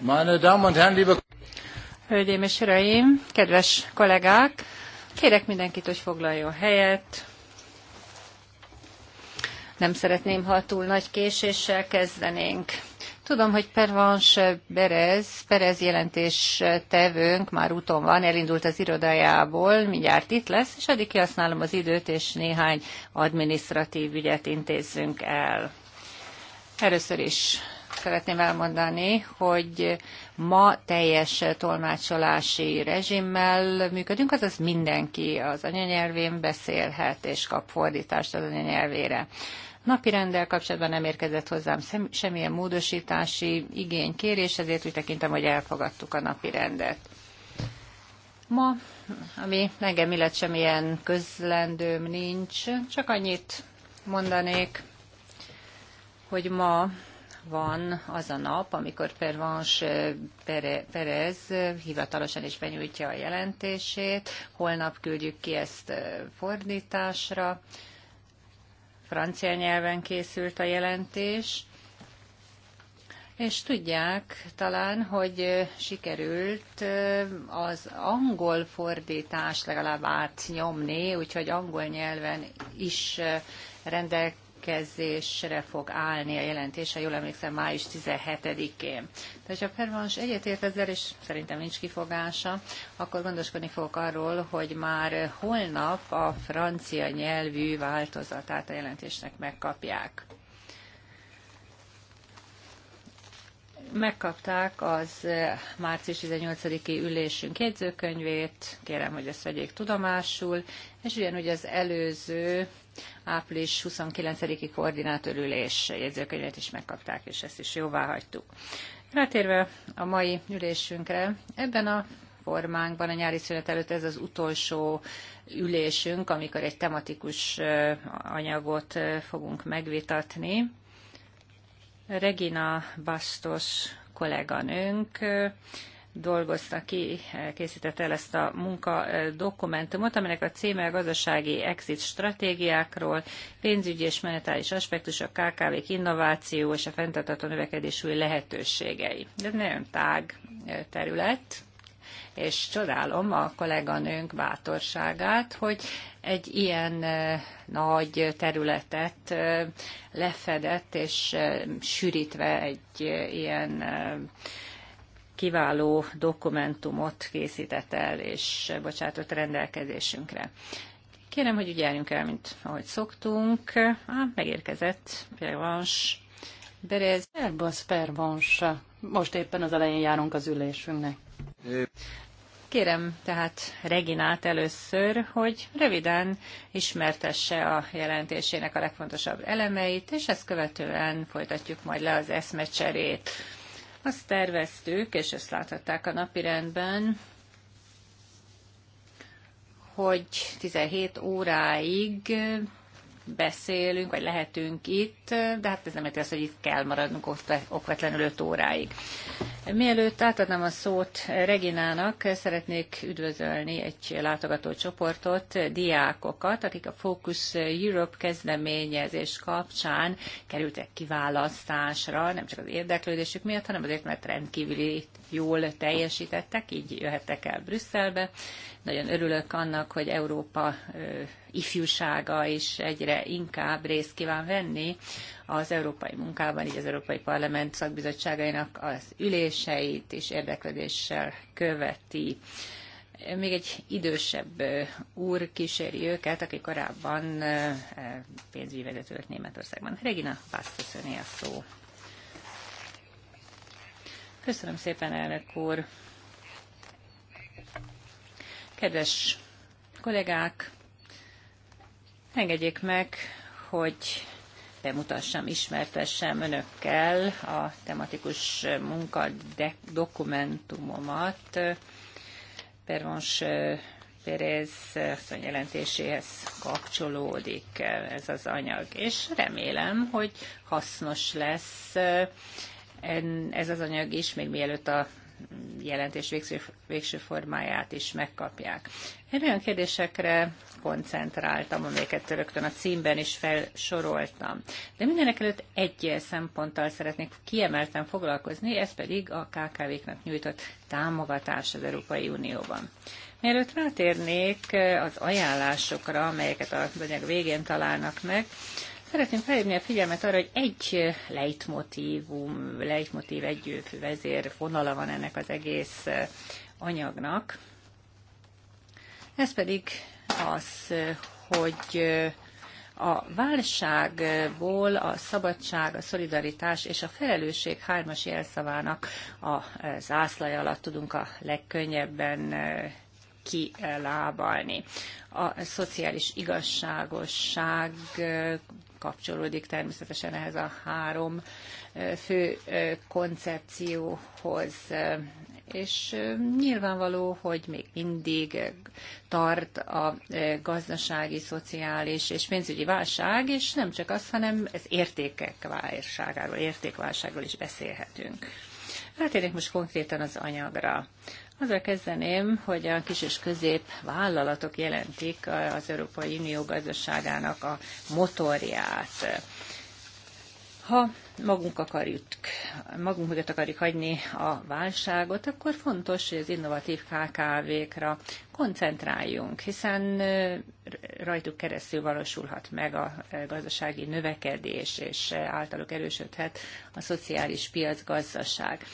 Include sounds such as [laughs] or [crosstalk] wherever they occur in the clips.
Meine Damen und Herren, liebe Hölgyeim és Uraim, kedves kollégák, kérek mindenkit, hogy foglaljon helyet. Nem szeretném, ha túl nagy késéssel kezdenénk. Tudom, hogy Pervans Berez, Perez jelentés tevőnk már úton van, elindult az irodájából, mindjárt itt lesz, és addig kihasználom az időt, és néhány adminisztratív ügyet intézzünk el. Először is szeretném elmondani, hogy ma teljes tolmácsolási rezsimmel működünk, azaz mindenki az anyanyelvén beszélhet és kap fordítást az anyanyelvére. Napi rendel kapcsolatban nem érkezett hozzám semmilyen módosítási igény kérés, ezért úgy tekintem, hogy elfogadtuk a napi rendet. Ma, ami engem illet semmilyen közlendőm nincs, csak annyit mondanék, hogy ma van az a nap, amikor Pervans eh, Perez hivatalosan is benyújtja a jelentését, holnap küldjük ki ezt eh, fordításra, francia nyelven készült a jelentés, és tudják talán, hogy eh, sikerült az angol fordítást legalább átnyomni, úgyhogy angol nyelven is rendel, rendelkezésre fog állni a jelentés, ha jól emlékszem, május 17-én. Tehát, ha Pervans egyetért ezzel, és szerintem nincs kifogása, akkor gondoskodni fogok arról, hogy már holnap a francia nyelvű változatát a jelentésnek megkapják. megkapták az március 18-i ülésünk jegyzőkönyvét, kérem, hogy ezt vegyék tudomásul, és ugyanúgy az előző április 29-i koordinátorülés jegyzőkönyvet is megkapták, és ezt is jóvá hagytuk. Rátérve a mai ülésünkre, ebben a formánkban a nyári szünet előtt ez az utolsó ülésünk, amikor egy tematikus anyagot fogunk megvitatni. Regina Bastos kolléganőnk dolgozta ki, készítette el ezt a munka dokumentumot, aminek a címe a gazdasági exit stratégiákról, pénzügyi és monetáris aspektusok, KKV-k innováció és a fenntartható növekedés új lehetőségei. Ez nagyon tág terület, és csodálom a kolléganőnk bátorságát, hogy egy ilyen nagy területet lefedett és sűrítve egy ilyen kiváló dokumentumot készített el és bocsátott rendelkezésünkre. Kérem, hogy úgy járjunk el, mint ahogy szoktunk. Á, megérkezett Pervans Berez. Erbasz Pervans. Most éppen az elején járunk az ülésünknek. Kérem tehát Reginát először, hogy röviden ismertesse a jelentésének a legfontosabb elemeit, és ezt követően folytatjuk majd le az eszmecserét. Azt terveztük, és ezt láthatták a napirendben, hogy 17 óráig beszélünk, vagy lehetünk itt, de hát ez nem érti azt, hogy itt kell maradnunk ott okvetlenül 5 óráig. Mielőtt átadnám a szót Reginának, szeretnék üdvözölni egy látogató csoportot, diákokat, akik a Focus Europe kezdeményezés kapcsán kerültek kiválasztásra, nem csak az érdeklődésük miatt, hanem azért, mert rendkívüli jól teljesítettek, így jöhettek el Brüsszelbe. Nagyon örülök annak, hogy Európa ifjúsága is egyre inkább részt kíván venni az európai munkában, így az Európai Parlament szakbizottságainak az üléseit és érdeklődéssel követi még egy idősebb úr kíséri őket, aki korábban pénzügyi vezető volt Németországban. Regina Pásztöszöné a szó. Köszönöm szépen, elnök úr. Kedves kollégák, engedjék meg, hogy bemutassam, ismertessem önökkel a tematikus munkadokumentumomat. Pervons Pérez asszony jelentéséhez kapcsolódik ez az anyag, és remélem, hogy hasznos lesz ez az anyag is, még mielőtt a jelentés végső, végső formáját is megkapják. Én olyan kérdésekre koncentráltam, amelyeket rögtön a címben is felsoroltam. De mindenek előtt egy szemponttal szeretnék kiemelten foglalkozni, ez pedig a KKV-knak nyújtott támogatás az Európai Unióban. Mielőtt rátérnék az ajánlásokra, amelyeket a anyag végén találnak meg, Szeretném felhívni a figyelmet arra, hogy egy lejtmotívum, lejtmotív, egy vezér vonala van ennek az egész anyagnak. Ez pedig az, hogy a válságból a szabadság, a szolidaritás és a felelősség hármas jelszavának a zászlaja alatt tudunk a legkönnyebben kilábalni. A szociális igazságosság kapcsolódik természetesen ehhez a három fő koncepcióhoz. És nyilvánvaló, hogy még mindig tart a gazdasági, szociális és pénzügyi válság, és nem csak az, hanem ez értékek válságáról, értékválságról is beszélhetünk. Rátérnék most konkrétan az anyagra. Azzal kezdeném, hogy a kis és közép vállalatok jelentik az Európai Unió gazdaságának a motorját. Ha magunk akarjuk, magunk mögött akarjuk hagyni a válságot, akkor fontos, hogy az innovatív KKV-kra koncentráljunk, hiszen rajtuk keresztül valósulhat meg a gazdasági növekedés, és általuk erősödhet a szociális piacgazdaság.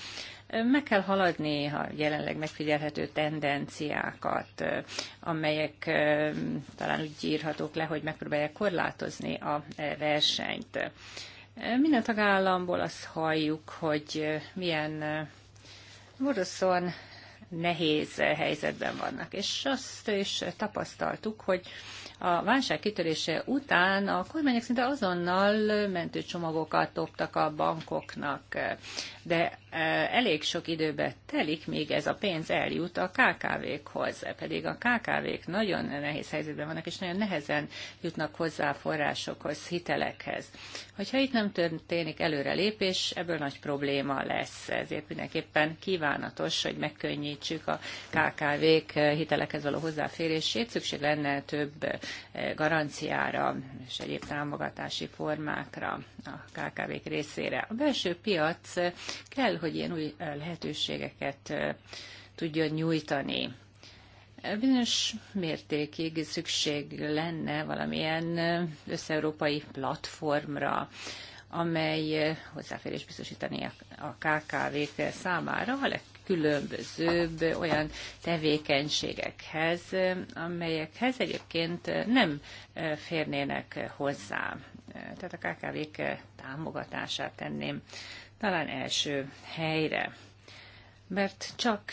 Meg kell haladni a jelenleg megfigyelhető tendenciákat, amelyek talán úgy írhatók le, hogy megpróbálják korlátozni a versenyt. Minden tagállamból azt halljuk, hogy milyen borzasztóan nehéz helyzetben vannak. És azt is tapasztaltuk, hogy a válság kitörése után a kormányok szinte azonnal mentőcsomagokat dobtak a bankoknak, de elég sok időbe telik, míg ez a pénz eljut a KKV-khoz, pedig a KKV-k nagyon nehéz helyzetben vannak, és nagyon nehezen jutnak hozzá forrásokhoz, hitelekhez. Hogyha itt nem történik előrelépés, ebből nagy probléma lesz, ezért mindenképpen kívánatos, hogy megkönnyítsük a KKV-k hitelekhez való hozzáférését, szükség lenne több garanciára és egyéb támogatási formákra a KKV-k részére. A belső piac kell, hogy ilyen új lehetőségeket tudjon nyújtani. Bizonyos mértékig szükség lenne valamilyen összeurópai platformra, amely hozzáférés biztosítani a KKV-k számára a legkülönbözőbb olyan tevékenységekhez, amelyekhez egyébként nem férnének hozzá. Tehát a KKV-k támogatását tenném talán első helyre, mert csak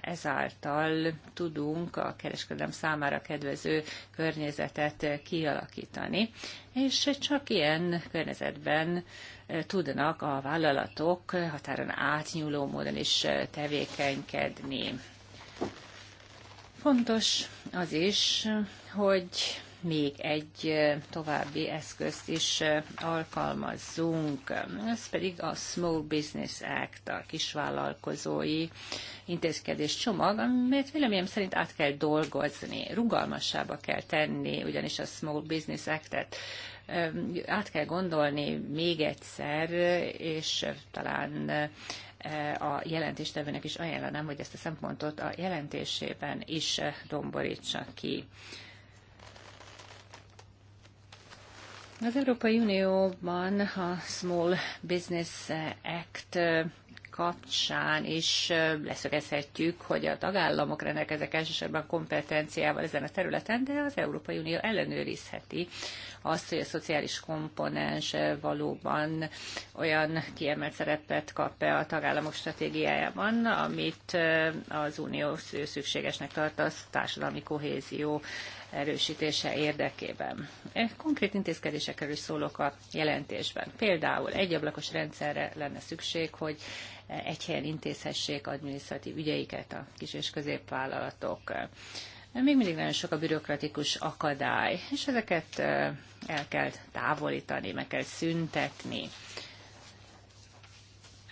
ezáltal tudunk a kereskedelem számára kedvező környezetet kialakítani, és csak ilyen környezetben eh, tudnak a vállalatok határon átnyúló módon is eh, tevékenykedni. Fontos az is, hogy még egy további eszközt is alkalmazzunk. Ez pedig a Small Business Act, a kisvállalkozói intézkedés csomag, amit véleményem szerint át kell dolgozni, rugalmasába kell tenni, ugyanis a Small Business Act-et át kell gondolni még egyszer, és talán a jelentéstevőnek is ajánlanám, hogy ezt a szempontot a jelentésében is domborítsa ki. Az Európai Unióban a Small Business Act kapcsán is leszögezhetjük, hogy a tagállamok rendelkeznek elsősorban kompetenciával ezen a területen, de az Európai Unió ellenőrizheti azt, hogy a szociális komponens valóban olyan kiemelt szerepet kap-e a tagállamok stratégiájában, amit az Unió szükségesnek tart a társadalmi kohézió erősítése érdekében. Konkrét intézkedésekkel is szólok a jelentésben. Például egy ablakos rendszerre lenne szükség, hogy egy helyen intézhessék adminisztratív ügyeiket a kis- és középvállalatok. Még mindig nagyon sok a bürokratikus akadály, és ezeket eh, el kell távolítani, meg kell szüntetni.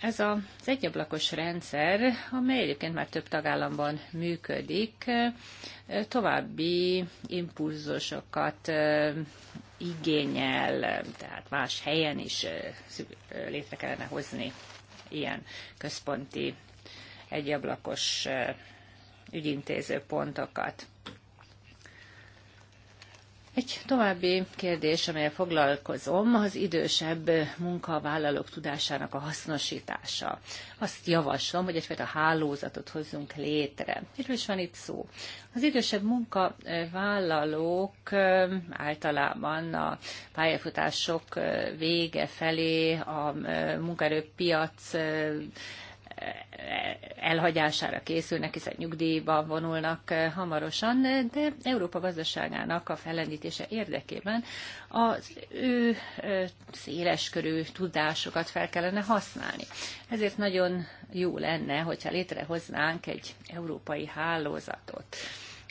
Ez az egyablakos rendszer, amely egyébként már több tagállamban működik, további impulzusokat igényel, tehát más helyen is létre kellene hozni ilyen központi egyablakos ügyintéző pontokat. Egy további kérdés, amelyel foglalkozom, az idősebb munkavállalók tudásának a hasznosítása. Azt javaslom, hogy egyfajta hálózatot hozzunk létre. Miről is van itt szó? Az idősebb munkavállalók általában a pályafutások vége felé a munkaerőpiac elhagyására készülnek, hiszen nyugdíjba vonulnak eh, hamarosan, de Európa gazdaságának a fellendítése érdekében az ő eh, széleskörű tudásokat fel kellene használni. Ezért nagyon jó lenne, hogyha létrehoznánk egy európai hálózatot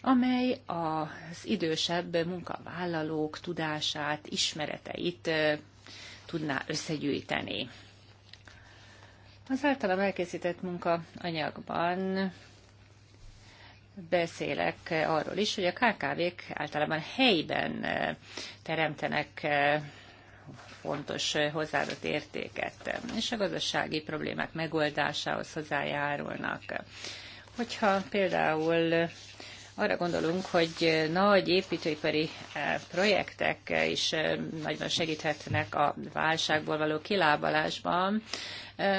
amely az idősebb munkavállalók tudását, ismereteit eh, tudná összegyűjteni. Az általam elkészített munka anyagban beszélek arról is, hogy a KKV-k általában helyben eh, teremtenek eh, fontos eh, hozzáadott értéket, és a gazdasági problémák megoldásához hozzájárulnak. Hogyha például arra gondolunk, hogy nagy építőipari eh, projektek eh, is eh, nagyban segíthetnek a válságból való kilábalásban.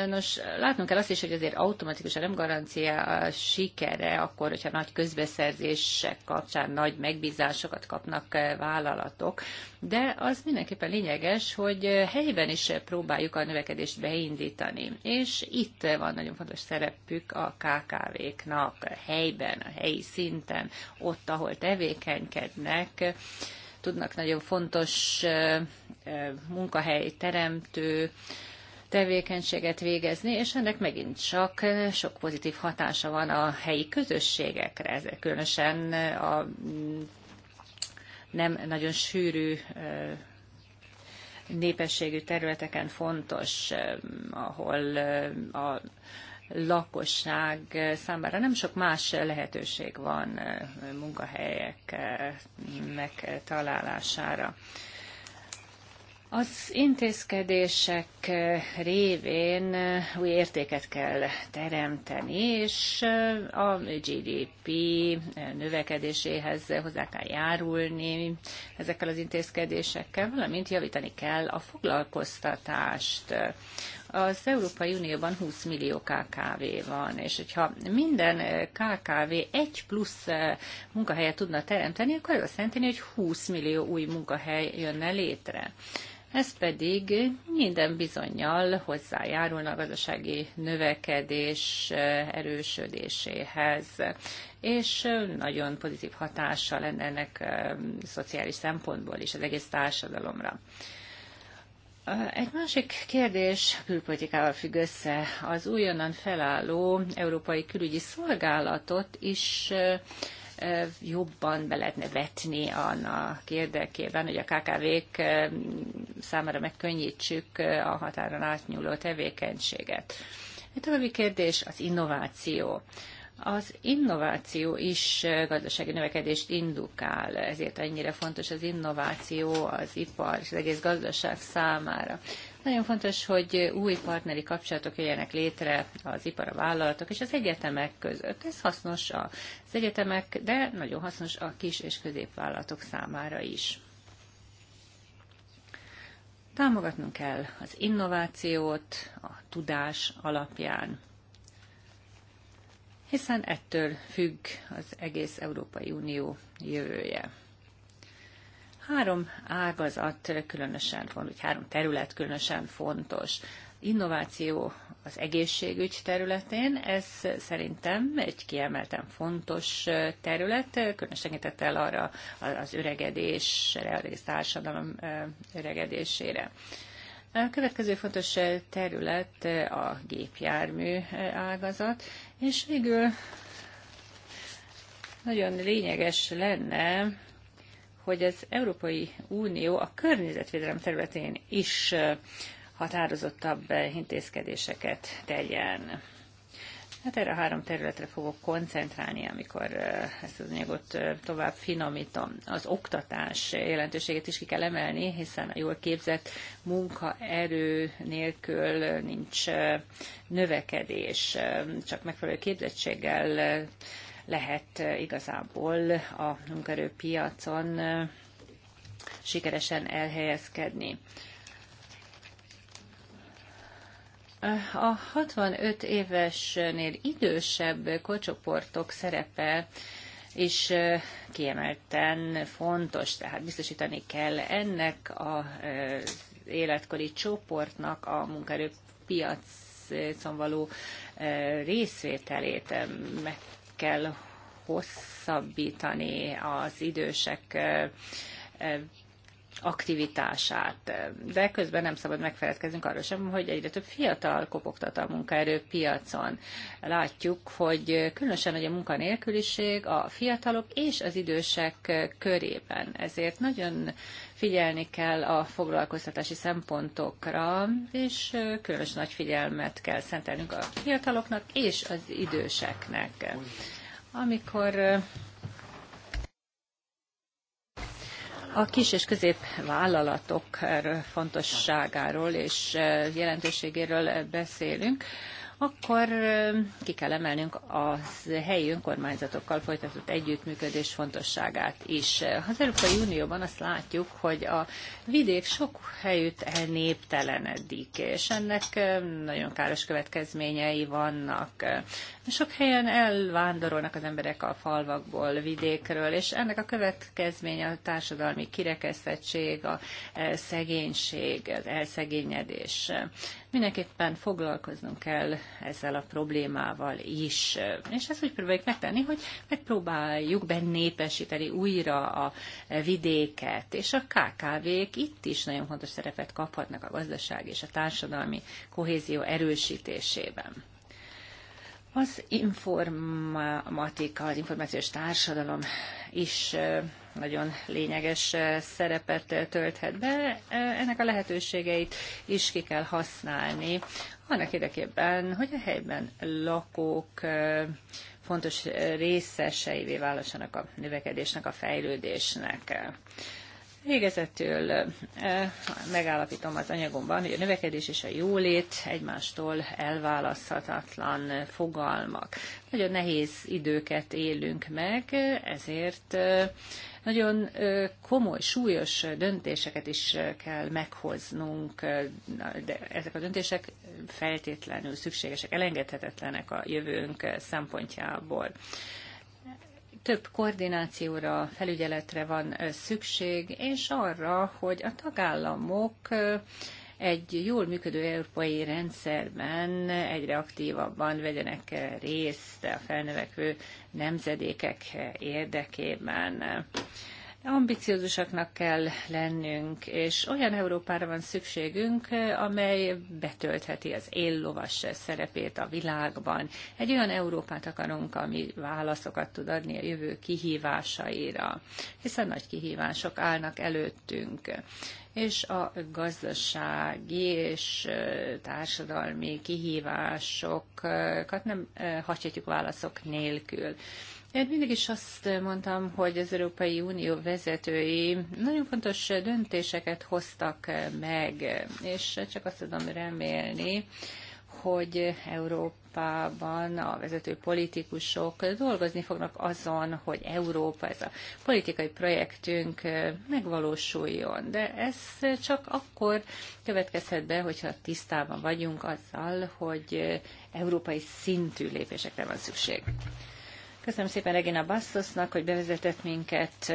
Nos, látnunk kell azt is, hogy azért automatikusan nem garancia a sikere, akkor, hogyha nagy közbeszerzések kapcsán nagy megbízásokat kapnak vállalatok, de az mindenképpen lényeges, hogy helyben is próbáljuk a növekedést beindítani, és itt van nagyon fontos szerepük a KKV-knak helyben, a helyi szinten ott, ahol tevékenykednek, tudnak nagyon fontos munkahely teremtő tevékenységet végezni, és ennek megint csak sok pozitív hatása van a helyi közösségekre, ezek különösen a mm, nem nagyon sűrű népességű területeken fontos, ahol a lakosság számára nem sok más lehetőség van eh, munkahelyek eh, megtalálására. Az intézkedések eh, révén új értéket kell teremteni, és a GDP növekedéséhez hozzá kell járulni ezekkel az intézkedésekkel, valamint javítani kell a foglalkoztatást. Az Európai Unióban 20 millió KKV van, és hogyha minden eh, KKV egy plusz eh, munkahelyet tudna teremteni, akkor az azt jelenti, hogy 20 millió új munkahely jönne létre. Ez pedig minden bizonyal hozzájárulna a gazdasági növekedés eh, erősödéséhez, és nagyon pozitív hatással lenne ennek szociális szempontból is az egész társadalomra. Egy másik kérdés külpolitikával függ össze. Az újonnan felálló Európai Külügyi Szolgálatot is jobban be lehetne vetni annak érdekében, hogy a KKV-k számára megkönnyítsük a határon átnyúló tevékenységet. Egy további kérdés az innováció. Az innováció is eh, gazdasági növekedést indukál, ezért annyira fontos az innováció az ipar és az egész gazdaság számára. Nagyon fontos, hogy új partneri kapcsolatok jöjjenek létre az ipar, a vállalatok és az egyetemek között. Ez hasznos az egyetemek, de nagyon hasznos a kis és középvállalatok számára is. Támogatnunk kell az innovációt a tudás alapján hiszen ettől függ az egész Európai Unió jövője. Három ágazat különösen fontos, vagy három terület különösen fontos. Innováció az egészségügy területén, ez szerintem egy kiemelten fontos terület, különösen el arra az öregedésre, az társadalom öregedésére. A következő fontos terület a gépjármű ágazat, és végül nagyon lényeges lenne, hogy az Európai Unió a környezetvédelem területén is határozottabb intézkedéseket tegyen. Hát erre a három területre fogok koncentrálni, amikor ezt az anyagot tovább finomítom. Az oktatás jelentőségét is ki kell emelni, hiszen a jól képzett munkaerő nélkül nincs növekedés, csak megfelelő képzettséggel lehet igazából a munkaerőpiacon sikeresen elhelyezkedni. A 65 évesnél idősebb kocsoportok szerepe és kiemelten fontos, tehát biztosítani kell ennek az életkori csoportnak a munkaerőpiacon való részvételét meg kell hosszabbítani az idősek aktivitását. De közben nem szabad megfeledkeznünk arról sem, hogy egyre több fiatal kopogtat a munkaerőpiacon. Látjuk, hogy különösen nagy a munkanélküliség a fiatalok és az idősek körében. Ezért nagyon figyelni kell a foglalkoztatási szempontokra, és különös nagy figyelmet kell szentelnünk a fiataloknak és az időseknek. Amikor A kis és középvállalatok eh, fontosságáról és eh, jelentőségéről eh, beszélünk, akkor ki kell emelnünk a helyi önkormányzatokkal folytatott együttműködés fontosságát is. Az Európai Unióban azt látjuk, hogy a vidék sok helyütt elnéptelenedik, és ennek nagyon káros következményei vannak. Sok helyen elvándorolnak az emberek a falvakból, vidékről, és ennek a következménye a társadalmi kirekesztettség, a e, szegénység, az elszegényedés. Mindenképpen foglalkoznunk kell ezzel a problémával is. És ezt úgy próbáljuk megtenni, hogy megpróbáljuk bennépesíteni újra a vidéket, és a KKV-k itt is nagyon fontos szerepet kaphatnak a gazdaság és a társadalmi kohézió erősítésében. Az informatika, az információs társadalom is nagyon lényeges szerepet tölthet be. Ennek a lehetőségeit is ki kell használni, annak érdekében, hogy a helyben lakók fontos részeseivé válaszanak a növekedésnek, a fejlődésnek. Végezetül eh, megállapítom az anyagomban, hogy a növekedés és a jólét egymástól elválaszthatatlan eh, fogalmak. Nagyon nehéz időket élünk meg, ezért eh, nagyon komoly, súlyos döntéseket is kell meghoznunk, de ezek a döntések feltétlenül szükségesek, elengedhetetlenek a jövőnk szempontjából több koordinációra, felügyeletre van szükség, és arra, hogy a tagállamok egy jól működő európai rendszerben egyre aktívabban vegyenek részt a felnövekvő nemzedékek érdekében. Ambiciózusaknak kell lennünk, és olyan Európára van szükségünk, amely betöltheti az éllovas szerepét a világban. Egy olyan Európát akarunk, ami válaszokat tud adni a jövő kihívásaira, hiszen nagy kihívások állnak előttünk és a gazdasági és társadalmi kihívásokat nem hagyhatjuk válaszok nélkül. Én mindig is azt mondtam, hogy az Európai Unió vezetői nagyon fontos döntéseket hoztak meg, és csak azt tudom remélni, hogy Európában a vezető politikusok dolgozni fognak azon, hogy Európa, ez a politikai projektünk megvalósuljon. De ez csak akkor következhet be, hogyha tisztában vagyunk azzal, hogy európai szintű lépésekre van szükség. Köszönöm szépen Regina Bastosnak, hogy bevezetett minket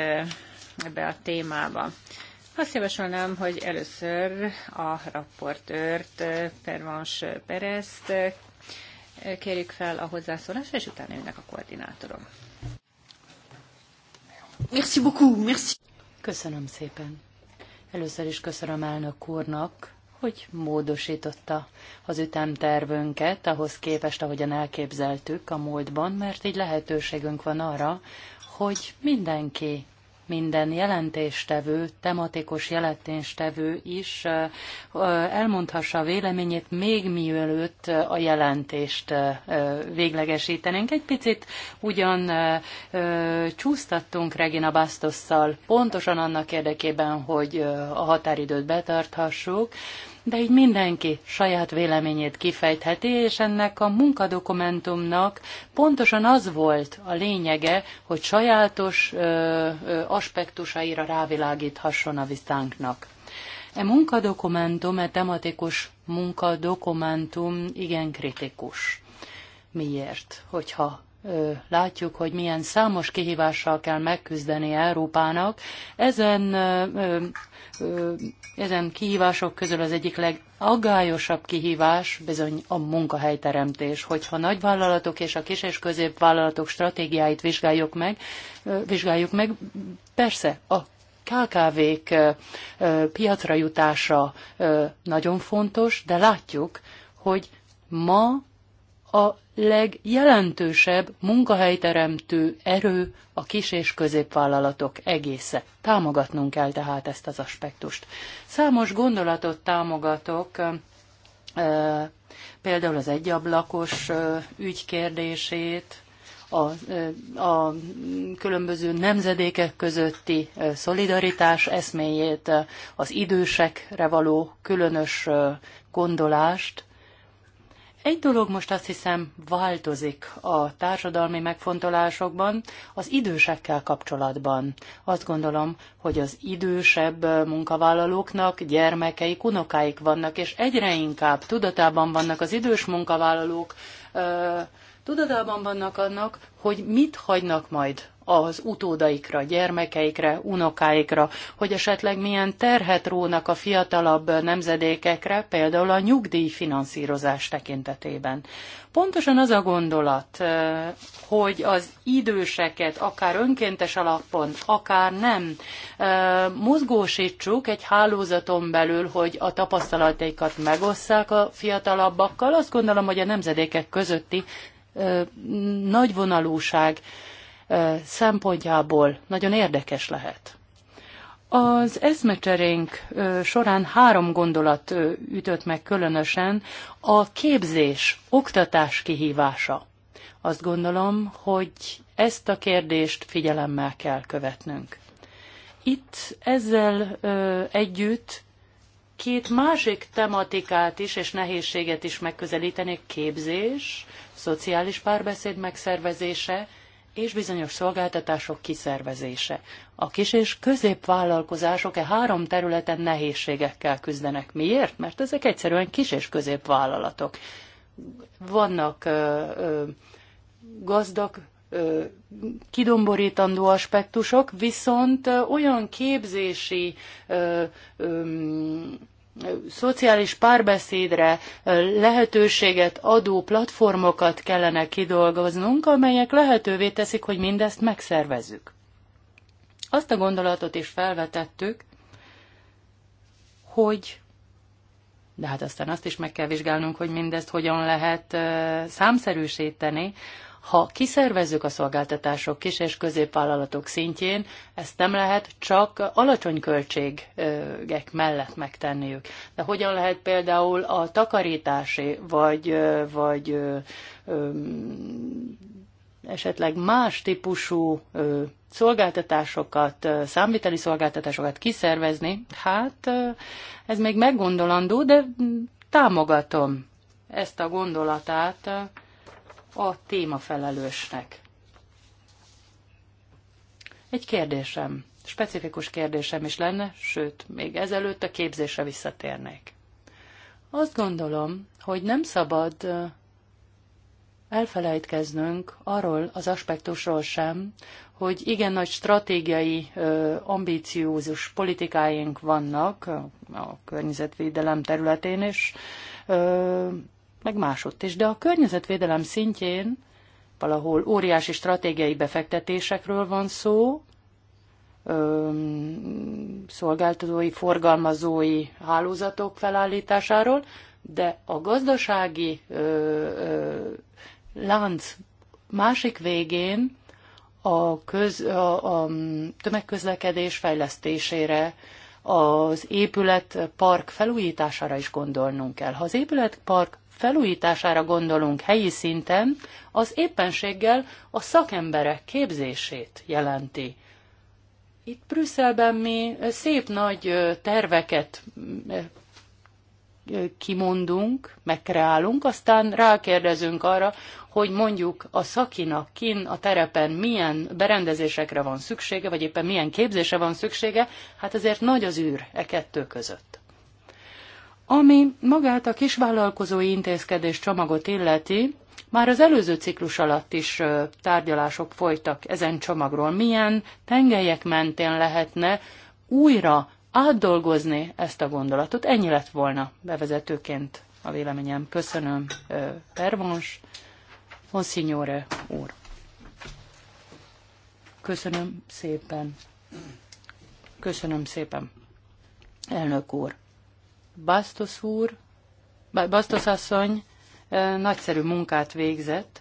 ebbe a témába. Azt javasolnám, hogy először a rapportőrt, Pervans Perezt kérjük fel a hozzászólásra, és utána jönnek a koordinátorok. Merci beaucoup, merci. Köszönöm szépen. Először is köszönöm elnök úrnak, hogy módosította az ütemtervünket ahhoz képest, ahogyan elképzeltük a múltban, mert így lehetőségünk van arra, hogy mindenki minden jelentéstevő, tematikus jelentéstevő is elmondhassa a véleményét még mielőtt a jelentést véglegesítenénk. Egy picit ugyan csúsztattunk Regina Bastosszal pontosan annak érdekében, hogy a határidőt betarthassuk, de így mindenki saját véleményét kifejtheti, és ennek a munkadokumentumnak pontosan az volt a lényege, hogy sajátos ö, ö, aspektusaira rávilágíthasson a viszánknak. E munkadokumentum, e tematikus munkadokumentum igen kritikus. Miért? Hogyha látjuk, hogy milyen számos kihívással kell megküzdeni Európának. Ezen, ezen kihívások közül az egyik legaggályosabb kihívás bizony a munkahelyteremtés. Hogyha nagyvállalatok és a kis- és középvállalatok stratégiáit vizsgáljuk meg, vizsgáljuk meg persze a KKV-k piacra jutása nagyon fontos, de látjuk, hogy ma a legjelentősebb munkahelyteremtő erő a kis- és középvállalatok egésze. Támogatnunk kell tehát ezt az aspektust. Számos gondolatot támogatok, például az egyablakos ügykérdését, a, a különböző nemzedékek közötti szolidaritás eszméjét, az idősekre való különös gondolást, egy dolog most azt hiszem változik a társadalmi megfontolásokban, az idősekkel kapcsolatban. Azt gondolom, hogy az idősebb munkavállalóknak gyermekeik, unokáik vannak, és egyre inkább tudatában vannak az idős munkavállalók, tudatában vannak annak, hogy mit hagynak majd az utódaikra, gyermekeikre, unokáikra, hogy esetleg milyen terhet rónak a fiatalabb nemzedékekre, például a nyugdíjfinanszírozás tekintetében. Pontosan az a gondolat, hogy az időseket akár önkéntes alapon, akár nem mozgósítsuk egy hálózaton belül, hogy a tapasztalataikat megosszák a fiatalabbakkal, azt gondolom, hogy a nemzedékek közötti nagyvonalúság szempontjából nagyon érdekes lehet. Az eszmecserénk során három gondolat ütött meg különösen a képzés, oktatás kihívása. Azt gondolom, hogy ezt a kérdést figyelemmel kell követnünk. Itt ezzel együtt két másik tematikát is és nehézséget is megközelítenék, képzés, szociális párbeszéd megszervezése, és bizonyos szolgáltatások kiszervezése. A kis és középvállalkozások e három területen nehézségekkel küzdenek. Miért? Mert ezek egyszerűen kis és középvállalatok. Vannak ö, ö, gazdag, ö, kidomborítandó aspektusok, viszont olyan képzési ö, ö, szociális párbeszédre lehetőséget adó platformokat kellene kidolgoznunk, amelyek lehetővé teszik, hogy mindezt megszervezzük. Azt a gondolatot is felvetettük, hogy de hát aztán azt is meg kell vizsgálnunk, hogy mindezt hogyan lehet számszerűsíteni, ha kiszervezzük a szolgáltatások kis- és középvállalatok szintjén, ezt nem lehet csak alacsony költségek mellett megtenniük. De hogyan lehet például a takarítási vagy, vagy esetleg más típusú szolgáltatásokat, számviteli szolgáltatásokat kiszervezni, hát ez még meggondolandó, de támogatom ezt a gondolatát a témafelelősnek. Egy kérdésem, specifikus kérdésem is lenne, sőt, még ezelőtt a képzésre visszatérnék. Azt gondolom, hogy nem szabad elfelejtkeznünk arról az aspektusról sem, hogy igen nagy stratégiai, ambíciózus politikáink vannak a környezetvédelem területén, is meg másutt is. De a környezetvédelem szintjén valahol óriási stratégiai befektetésekről van szó, szolgáltatói, forgalmazói hálózatok felállításáról, de a gazdasági ö, ö, lánc másik végén a, köz, a, a tömegközlekedés fejlesztésére, az épületpark felújítására is gondolnunk kell. Ha az épületpark felújítására gondolunk helyi szinten, az éppenséggel a szakemberek képzését jelenti. Itt Brüsszelben mi szép nagy terveket kimondunk, megkreálunk, aztán rákérdezünk arra, hogy mondjuk a szakinak kin a terepen milyen berendezésekre van szüksége, vagy éppen milyen képzése van szüksége, hát azért nagy az űr e kettő között. Ami magát a kisvállalkozói intézkedés csomagot illeti, már az előző ciklus alatt is tárgyalások folytak ezen csomagról. Milyen tengelyek mentén lehetne újra átdolgozni ezt a gondolatot? Ennyi lett volna bevezetőként a véleményem. Köszönöm, Pervons, Monsignore úr. Köszönöm szépen. Köszönöm szépen, elnök úr. Bastos úr, Bastos asszony nagyszerű munkát végzett,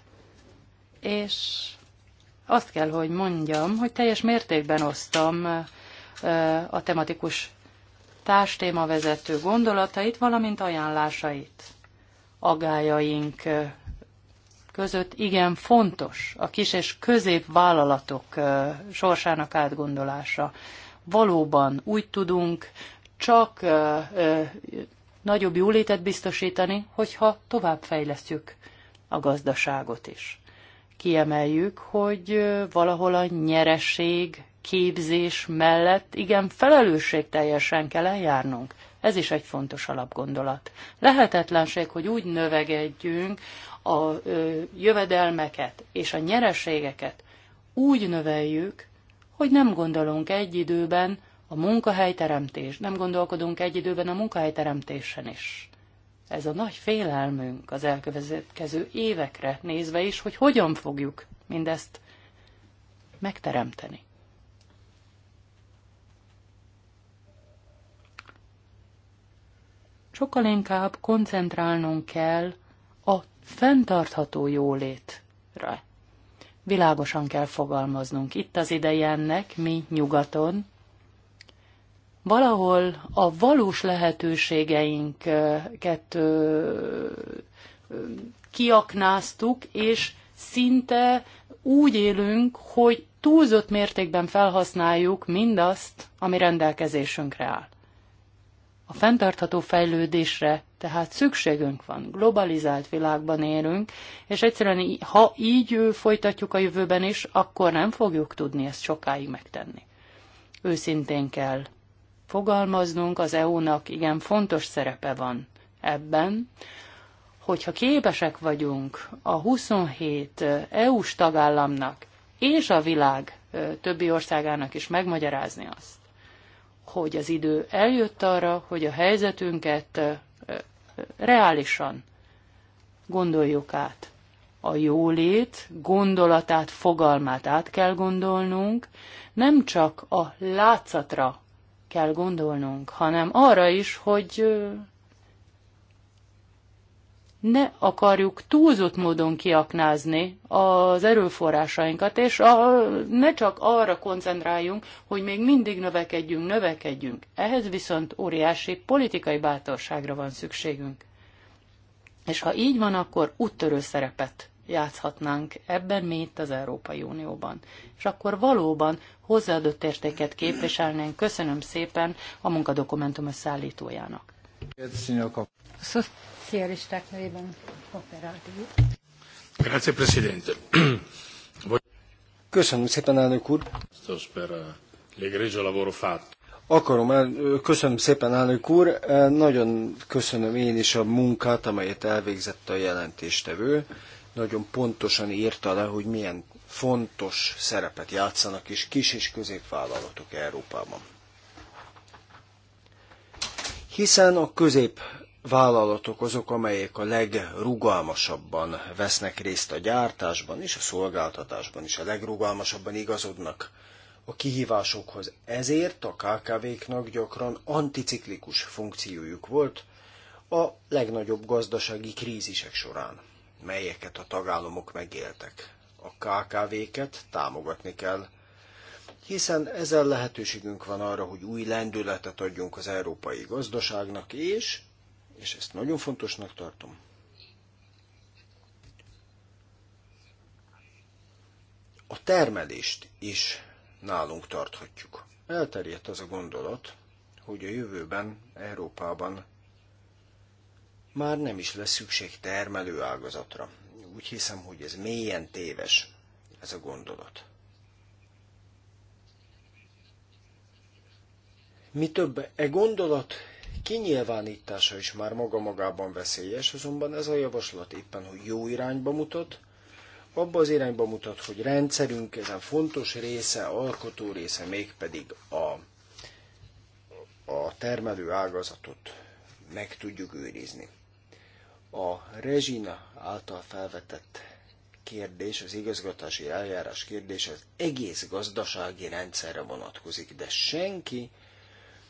és azt kell, hogy mondjam, hogy teljes mértékben osztam a tematikus társtémavezető gondolatait, valamint ajánlásait. Agájaink között igen fontos a kis és vállalatok sorsának átgondolása. Valóban úgy tudunk csak nagyobb jólétet biztosítani, hogyha továbbfejlesztjük a gazdaságot is. Kiemeljük, hogy valahol a nyereség, képzés mellett igen felelősségteljesen kell eljárnunk. Ez is egy fontos alapgondolat. Lehetetlenség, hogy úgy növegedjünk a jövedelmeket és a nyereségeket, úgy növeljük, hogy nem gondolunk egy időben a munkahelyteremtés, nem gondolkodunk egy időben a munkahelyteremtésen is. Ez a nagy félelmünk az elkövetkező évekre nézve is, hogy hogyan fogjuk mindezt megteremteni. Sokkal inkább koncentrálnunk kell a fenntartható jólétre. Világosan kell fogalmaznunk. Itt az ideje ennek, mi nyugaton, valahol a valós lehetőségeinket kiaknáztuk, és szinte úgy élünk, hogy túlzott mértékben felhasználjuk mindazt, ami rendelkezésünkre áll. A fenntartható fejlődésre tehát szükségünk van, globalizált világban élünk, és egyszerűen ha így folytatjuk a jövőben is, akkor nem fogjuk tudni ezt sokáig megtenni. Őszintén kell fogalmaznunk, az EU-nak igen fontos szerepe van ebben, hogyha képesek vagyunk a 27 EU-s tagállamnak és a világ többi országának is megmagyarázni azt, hogy az idő eljött arra, hogy a helyzetünket reálisan gondoljuk át. A jólét gondolatát, fogalmát át kell gondolnunk, nem csak a látszatra kell gondolnunk, hanem arra is, hogy ne akarjuk túlzott módon kiaknázni az erőforrásainkat, és a, ne csak arra koncentráljunk, hogy még mindig növekedjünk, növekedjünk. Ehhez viszont óriási politikai bátorságra van szükségünk. És ha így van, akkor úttörő szerepet játszhatnánk ebben mi itt az Európai Unióban. És akkor valóban hozzáadott értéket képviselnénk. Köszönöm szépen a munkadokumentum összeállítójának. Szocialisták nevében Grazie, Presidente. Köszönöm szépen, elnök úr. Eh, Akarom, eh, köszönöm szépen, elnök úr. Eh, nagyon köszönöm én is a munkát, amelyet elvégzett a jelentéstevő nagyon pontosan írta le, hogy milyen fontos szerepet játszanak is kis és középvállalatok Európában. Hiszen a középvállalatok azok, amelyek a legrugalmasabban vesznek részt a gyártásban és a szolgáltatásban is a legrugalmasabban igazodnak a kihívásokhoz. Ezért a KKV-knak gyakran anticiklikus funkciójuk volt a legnagyobb gazdasági krízisek során melyeket a tagállamok megéltek. A KKV-ket támogatni kell, hiszen ezzel lehetőségünk van arra, hogy új lendületet adjunk az európai gazdaságnak, és, és ezt nagyon fontosnak tartom, a termelést is nálunk tarthatjuk. Elterjedt az a gondolat, hogy a jövőben Európában már nem is lesz szükség termelő ágazatra. Úgy hiszem, hogy ez mélyen téves, ez a gondolat. Mi több, e gondolat kinyilvánítása is már maga magában veszélyes, azonban ez a javaslat éppen, hogy jó irányba mutat, abba az irányba mutat, hogy rendszerünk ezen fontos része, alkotó része mégpedig a, a termelő ágazatot meg tudjuk őrizni. A Rezsina által felvetett kérdés, az igazgatási eljárás kérdés az egész gazdasági rendszerre vonatkozik, de senki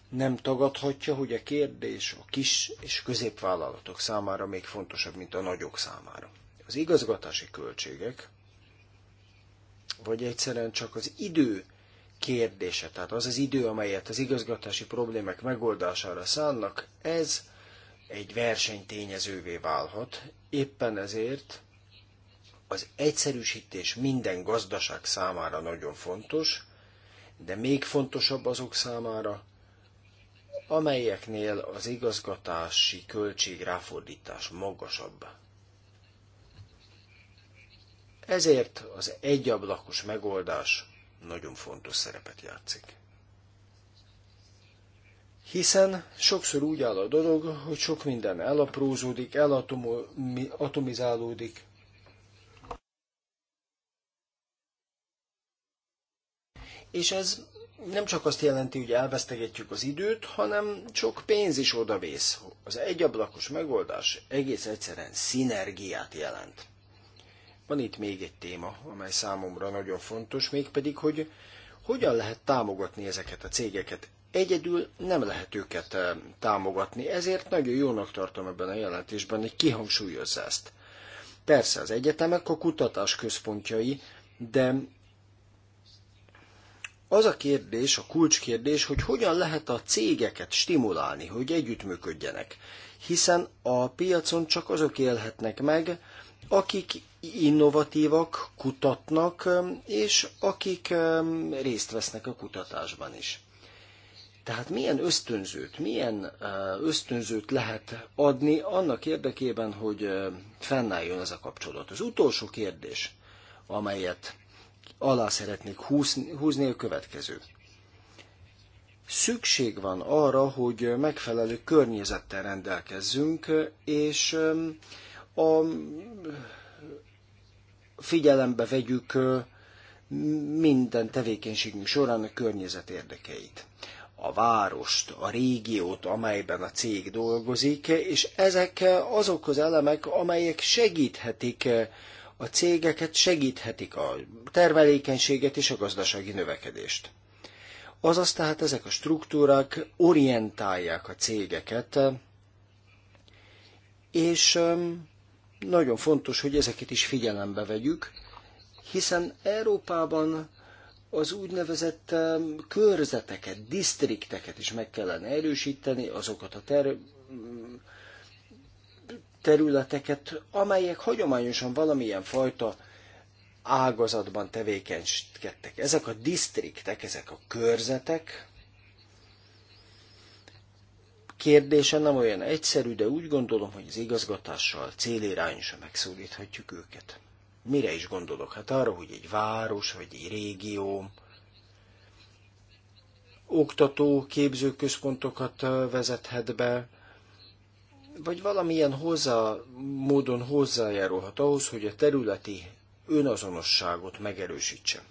nem tagadhatja, hogy a kérdés a kis és középvállalatok számára még fontosabb, mint a nagyok számára. Az igazgatási költségek, vagy egyszerűen csak az idő kérdése, tehát az az idő, amelyet az igazgatási problémák megoldására szánnak, ez egy versenytényezővé válhat. Éppen ezért az egyszerűsítés minden gazdaság számára nagyon fontos, de még fontosabb azok számára, amelyeknél az igazgatási költség ráfordítás magasabb. Ezért az egyablakos megoldás nagyon fontos szerepet játszik hiszen sokszor úgy áll a dolog, hogy sok minden elaprózódik, elatomizálódik. És ez nem csak azt jelenti, hogy elvesztegetjük az időt, hanem sok pénz is odavész. Az egyablakos megoldás egész egyszerűen szinergiát jelent. Van itt még egy téma, amely számomra nagyon fontos, mégpedig, hogy hogyan lehet támogatni ezeket a cégeket egyedül nem lehet őket eh, támogatni, ezért nagyon jónak tartom ebben a jelentésben, hogy kihangsúlyozza ezt. Persze az egyetemek a kutatás központjai, de az a kérdés, a kulcskérdés, hogy hogyan lehet a cégeket stimulálni, hogy együttműködjenek. Hiszen a piacon csak azok élhetnek meg, akik innovatívak, kutatnak, eh, és akik eh, részt vesznek a kutatásban is. Tehát milyen ösztönzőt, milyen ösztönzőt lehet adni annak érdekében, hogy fennálljon ez a kapcsolat. Az utolsó kérdés, amelyet alá szeretnék húzni, húzni a következő. Szükség van arra, hogy megfelelő környezettel rendelkezzünk, és a figyelembe vegyük minden tevékenységünk során a környezet érdekeit a várost, a régiót, amelyben a cég dolgozik, és ezek azok az elemek, amelyek segíthetik a cégeket, segíthetik a termelékenységet és a gazdasági növekedést. Azaz tehát ezek a struktúrák orientálják a cégeket, és nagyon fontos, hogy ezeket is figyelembe vegyük, hiszen Európában az úgynevezett um, körzeteket, disztrikteket is meg kellene erősíteni, azokat a ter- területeket, amelyek hagyományosan valamilyen fajta ágazatban tevékenykedtek. Ezek a disztriktek, ezek a körzetek kérdése nem olyan egyszerű, de úgy gondolom, hogy az igazgatással célirányosan megszólíthatjuk őket. Mire is gondolok? Hát arra, hogy egy város vagy egy régió oktató képzőközpontokat vezethet be, vagy valamilyen hozzá, módon hozzájárulhat ahhoz, hogy a területi önazonosságot megerősítse.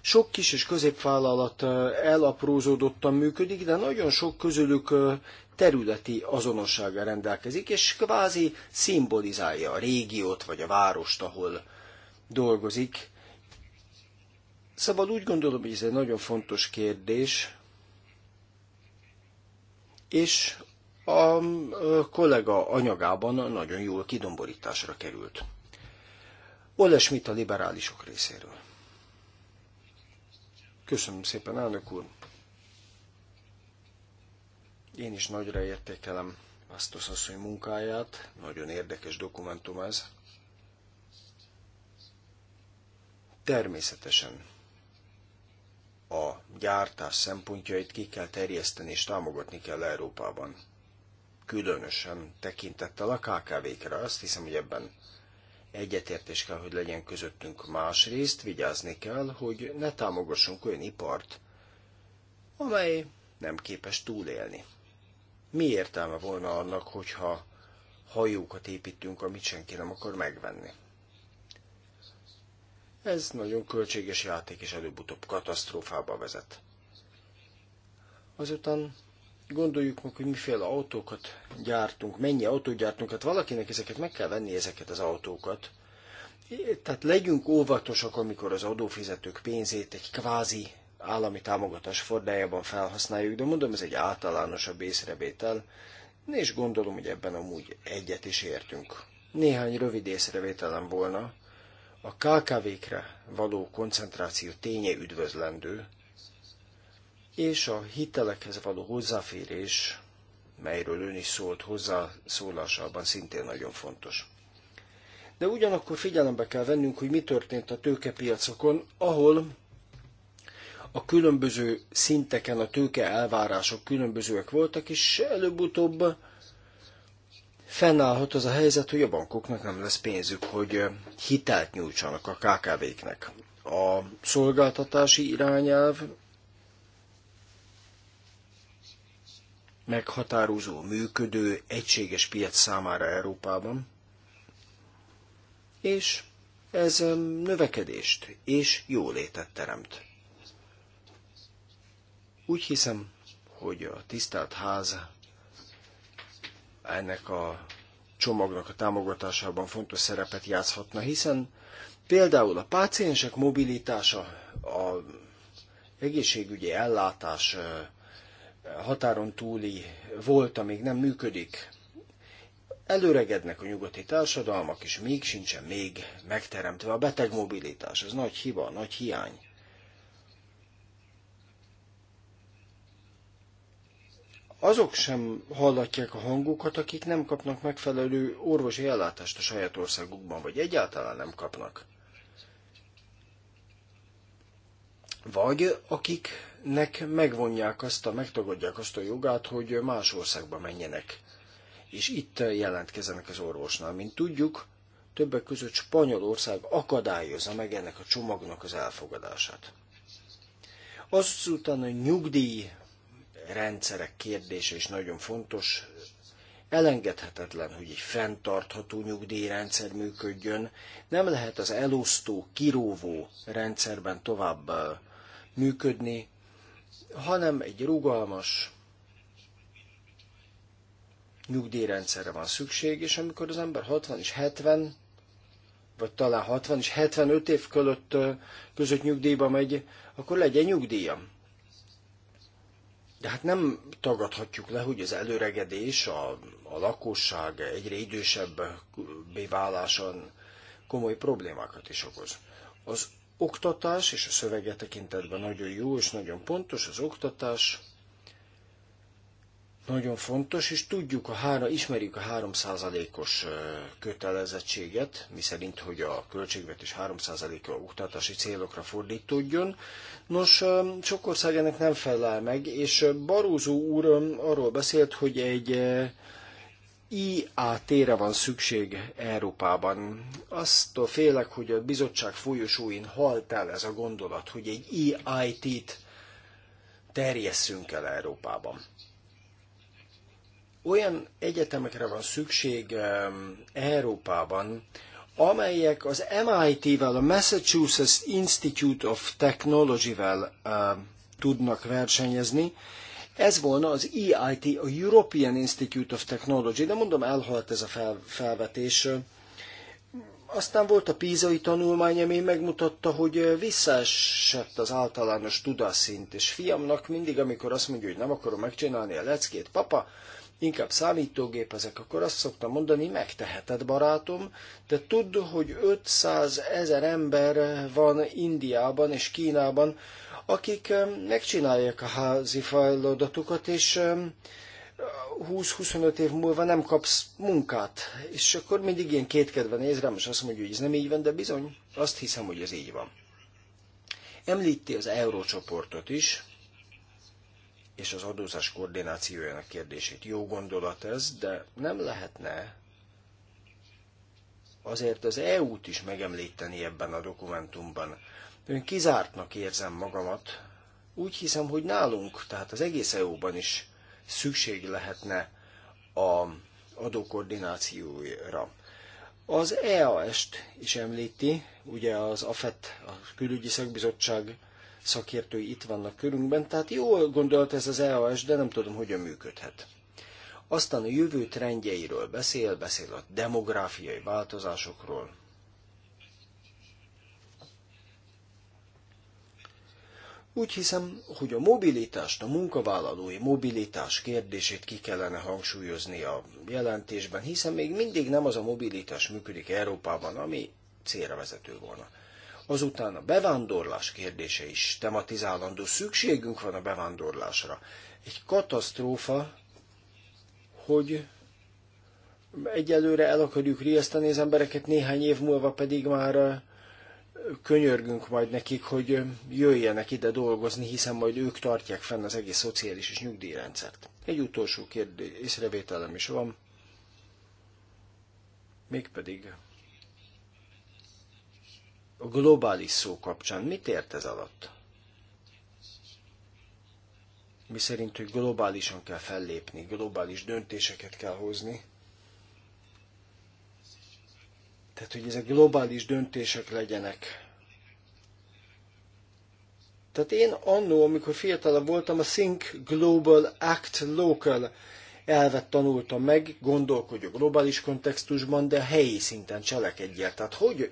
Sok kis és középvállalat elaprózódottan működik, de nagyon sok közülük területi azonossággal rendelkezik, és kvázi szimbolizálja a régiót vagy a várost, ahol dolgozik. Szabad úgy gondolom, hogy ez egy nagyon fontos kérdés, és a kollega anyagában nagyon jól kidomborításra került. Olesmit a liberálisok részéről. Köszönöm szépen, elnök úr. Én is nagyra értékelem Asztos asszony munkáját, nagyon érdekes dokumentum ez. Természetesen a gyártás szempontjait ki kell terjeszteni és támogatni kell Európában. Különösen tekintettel a KKV-kre, azt hiszem, hogy ebben egyetértés kell, hogy legyen közöttünk másrészt, vigyázni kell, hogy ne támogassunk olyan ipart, amely nem képes túlélni mi értelme volna annak, hogyha hajókat építünk, amit senki nem akar megvenni? Ez nagyon költséges játék, és előbb-utóbb katasztrófába vezet. Azután gondoljuk meg, hogy miféle autókat gyártunk, mennyi autót gyártunk, hát valakinek ezeket meg kell venni, ezeket az autókat. Tehát legyünk óvatosak, amikor az adófizetők pénzét egy kvázi állami támogatás fordájában felhasználjuk, de mondom, ez egy általánosabb észrevétel, és gondolom, hogy ebben amúgy egyet is értünk. Néhány rövid észrevételem volna. A KKV-kre való koncentráció ténye üdvözlendő, és a hitelekhez való hozzáférés, melyről ön is szólt hozzászólásában, szintén nagyon fontos de ugyanakkor figyelembe kell vennünk, hogy mi történt a tőkepiacokon, ahol a különböző szinteken a tőke elvárások különbözőek voltak, és előbb-utóbb fennállhat az a helyzet, hogy a bankoknak nem lesz pénzük, hogy hitelt nyújtsanak a KKV-knek. A szolgáltatási irányelv meghatározó, működő, egységes piac számára Európában, és ez növekedést és jólétet teremt. Úgy hiszem, hogy a tisztelt ház ennek a csomagnak a támogatásában fontos szerepet játszhatna, hiszen például a páciensek mobilitása, a egészségügyi ellátás határon túli volt, amíg nem működik. Előregednek a nyugati társadalmak, és még sincsen még megteremtve a beteg mobilitás. Ez nagy hiba, nagy hiány. azok sem hallatják a hangukat, akik nem kapnak megfelelő orvosi ellátást a saját országukban, vagy egyáltalán nem kapnak. Vagy akiknek megvonják azt a, megtagadják azt a jogát, hogy más országba menjenek, és itt jelentkezenek az orvosnál. Mint tudjuk, többek között Spanyolország akadályozza meg ennek a csomagnak az elfogadását. Azután a nyugdíj rendszerek kérdése is nagyon fontos. Elengedhetetlen, hogy egy fenntartható nyugdíjrendszer működjön. Nem lehet az elosztó, kiróvó rendszerben tovább működni, hanem egy rugalmas nyugdíjrendszerre van szükség, és amikor az ember 60 és 70 vagy talán 60 és 75 év között, között nyugdíjba megy, akkor legyen nyugdíjam. De hát nem tagadhatjuk le, hogy az előregedés, a, a lakosság egyre idősebb váláson komoly problémákat is okoz. Az oktatás, és a szövege tekintetben nagyon jó és nagyon pontos, az oktatás nagyon fontos, és tudjuk, a hára, ismerjük a 3%-os kötelezettséget, miszerint, hogy a költségvetés 3%-a oktatási célokra fordítódjon. Nos, sok ország ennek nem felel meg, és Barózó úr arról beszélt, hogy egy IAT-re van szükség Európában. Azt félek, hogy a bizottság folyosóin halt el ez a gondolat, hogy egy EIT-t terjesszünk el Európában olyan egyetemekre van szükség Európában, amelyek az MIT-vel, a Massachusetts Institute of Technology-vel tudnak versenyezni. Ez volna az EIT, a European Institute of Technology, de mondom, elhalt ez a fel, felvetés. Aztán volt a pízai tanulmány, ami megmutatta, hogy visszaesett az általános tudásszint, és fiamnak mindig, amikor azt mondja, hogy nem akarom megcsinálni a leckét, papa, inkább számítógépezek, akkor azt szoktam mondani, megteheted barátom, de tudd, hogy 500 ezer ember van Indiában és Kínában, akik megcsinálják a házi feladatukat, és 20-25 év múlva nem kapsz munkát. És akkor mindig ilyen kétkedve néz rám, és azt mondja, hogy ez nem így van, de bizony, azt hiszem, hogy ez így van. Említi az eurócsoportot is, és az adózás koordinációjának kérdését. Jó gondolat ez, de nem lehetne azért az EU-t is megemlíteni ebben a dokumentumban. Ön kizártnak érzem magamat, úgy hiszem, hogy nálunk, tehát az egész EU-ban is szükség lehetne a adókoordinációra. Az EAS-t is említi, ugye az AFET, a külügyi szakbizottság szakértői itt vannak körünkben, tehát jól gondolt ez az EAS, de nem tudom, hogyan működhet. Aztán a jövő trendjeiről beszél, beszél a demográfiai változásokról. Úgy hiszem, hogy a mobilitást, a munkavállalói mobilitás kérdését ki kellene hangsúlyozni a jelentésben, hiszen még mindig nem az a mobilitás működik Európában, ami célra vezető volna. Azután a bevándorlás kérdése is tematizálandó. Szükségünk van a bevándorlásra. Egy katasztrófa, hogy egyelőre el akarjuk riasztani az embereket, néhány év múlva pedig már könyörgünk majd nekik, hogy jöjjenek ide dolgozni, hiszen majd ők tartják fenn az egész szociális és nyugdíjrendszert. Egy utolsó kérdés, észrevételem is van, mégpedig a globális szó kapcsán. Mit ért ez alatt? Mi szerint, hogy globálisan kell fellépni, globális döntéseket kell hozni. Tehát, hogy ezek globális döntések legyenek. Tehát én annó, amikor fiatalabb voltam, a Think Global Act Local elvet tanultam meg, gondolkodjuk globális kontextusban, de helyi szinten cselekedjél. Tehát hogy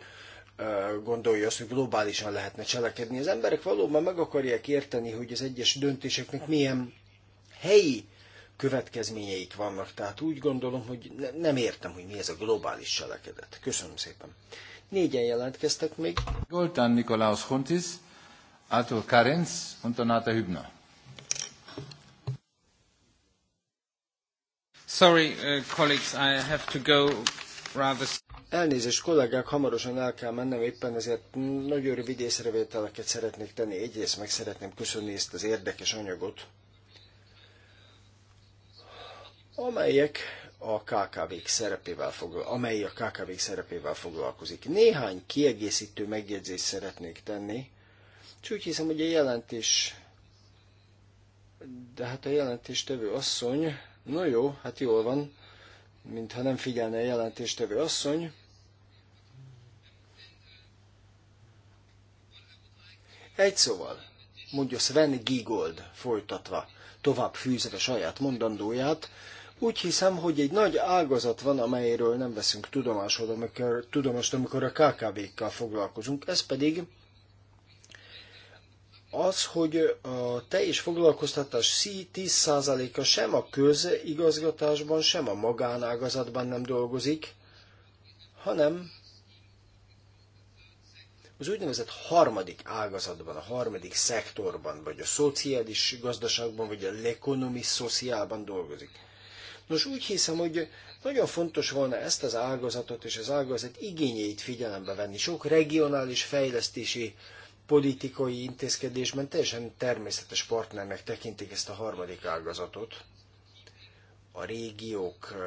gondolja azt, hogy globálisan lehetne cselekedni. Az emberek valóban meg akarják érteni, hogy az egyes döntéseknek milyen helyi következményeik vannak. Tehát úgy gondolom, hogy ne, nem értem, hogy mi ez a globális cselekedet. Köszönöm szépen. Négyen jelentkeztek még. Goltán Nikolaus Hontis, Arthur Karenz Antonáta Hübna. Hübner. Sorry, uh, colleagues, I have to go Elnézést, kollégák, hamarosan el kell mennem, éppen ezért nagyon rövid észrevételeket szeretnék tenni. Egyrészt meg szeretném köszönni ezt az érdekes anyagot, amelyek a kkv szerepével foglal, amely a kkv szerepével foglalkozik. Néhány kiegészítő megjegyzést szeretnék tenni, és úgy hiszem, hogy a jelentés, de hát a jelentéstevő asszony, na jó, hát jól van, mintha nem figyelne a jelentéstevő asszony. Egy szóval, mondja Sven Gigold folytatva, tovább fűzve saját mondandóját, úgy hiszem, hogy egy nagy ágazat van, amelyről nem veszünk tudomást, amikor, tudomást, amikor a KKV-kkal foglalkozunk, ez pedig az, hogy a teljes foglalkoztatás 10%-a sem a közigazgatásban, sem a magánágazatban nem dolgozik, hanem az úgynevezett harmadik ágazatban, a harmadik szektorban, vagy a szociális gazdaságban, vagy a lekonomi szociálban dolgozik. Nos, úgy hiszem, hogy nagyon fontos volna ezt az ágazatot és az ágazat igényeit figyelembe venni. Sok regionális fejlesztési uh, politikai intézkedésben teljesen természetes partnernek tekintik ezt a harmadik ágazatot. A régiók eh,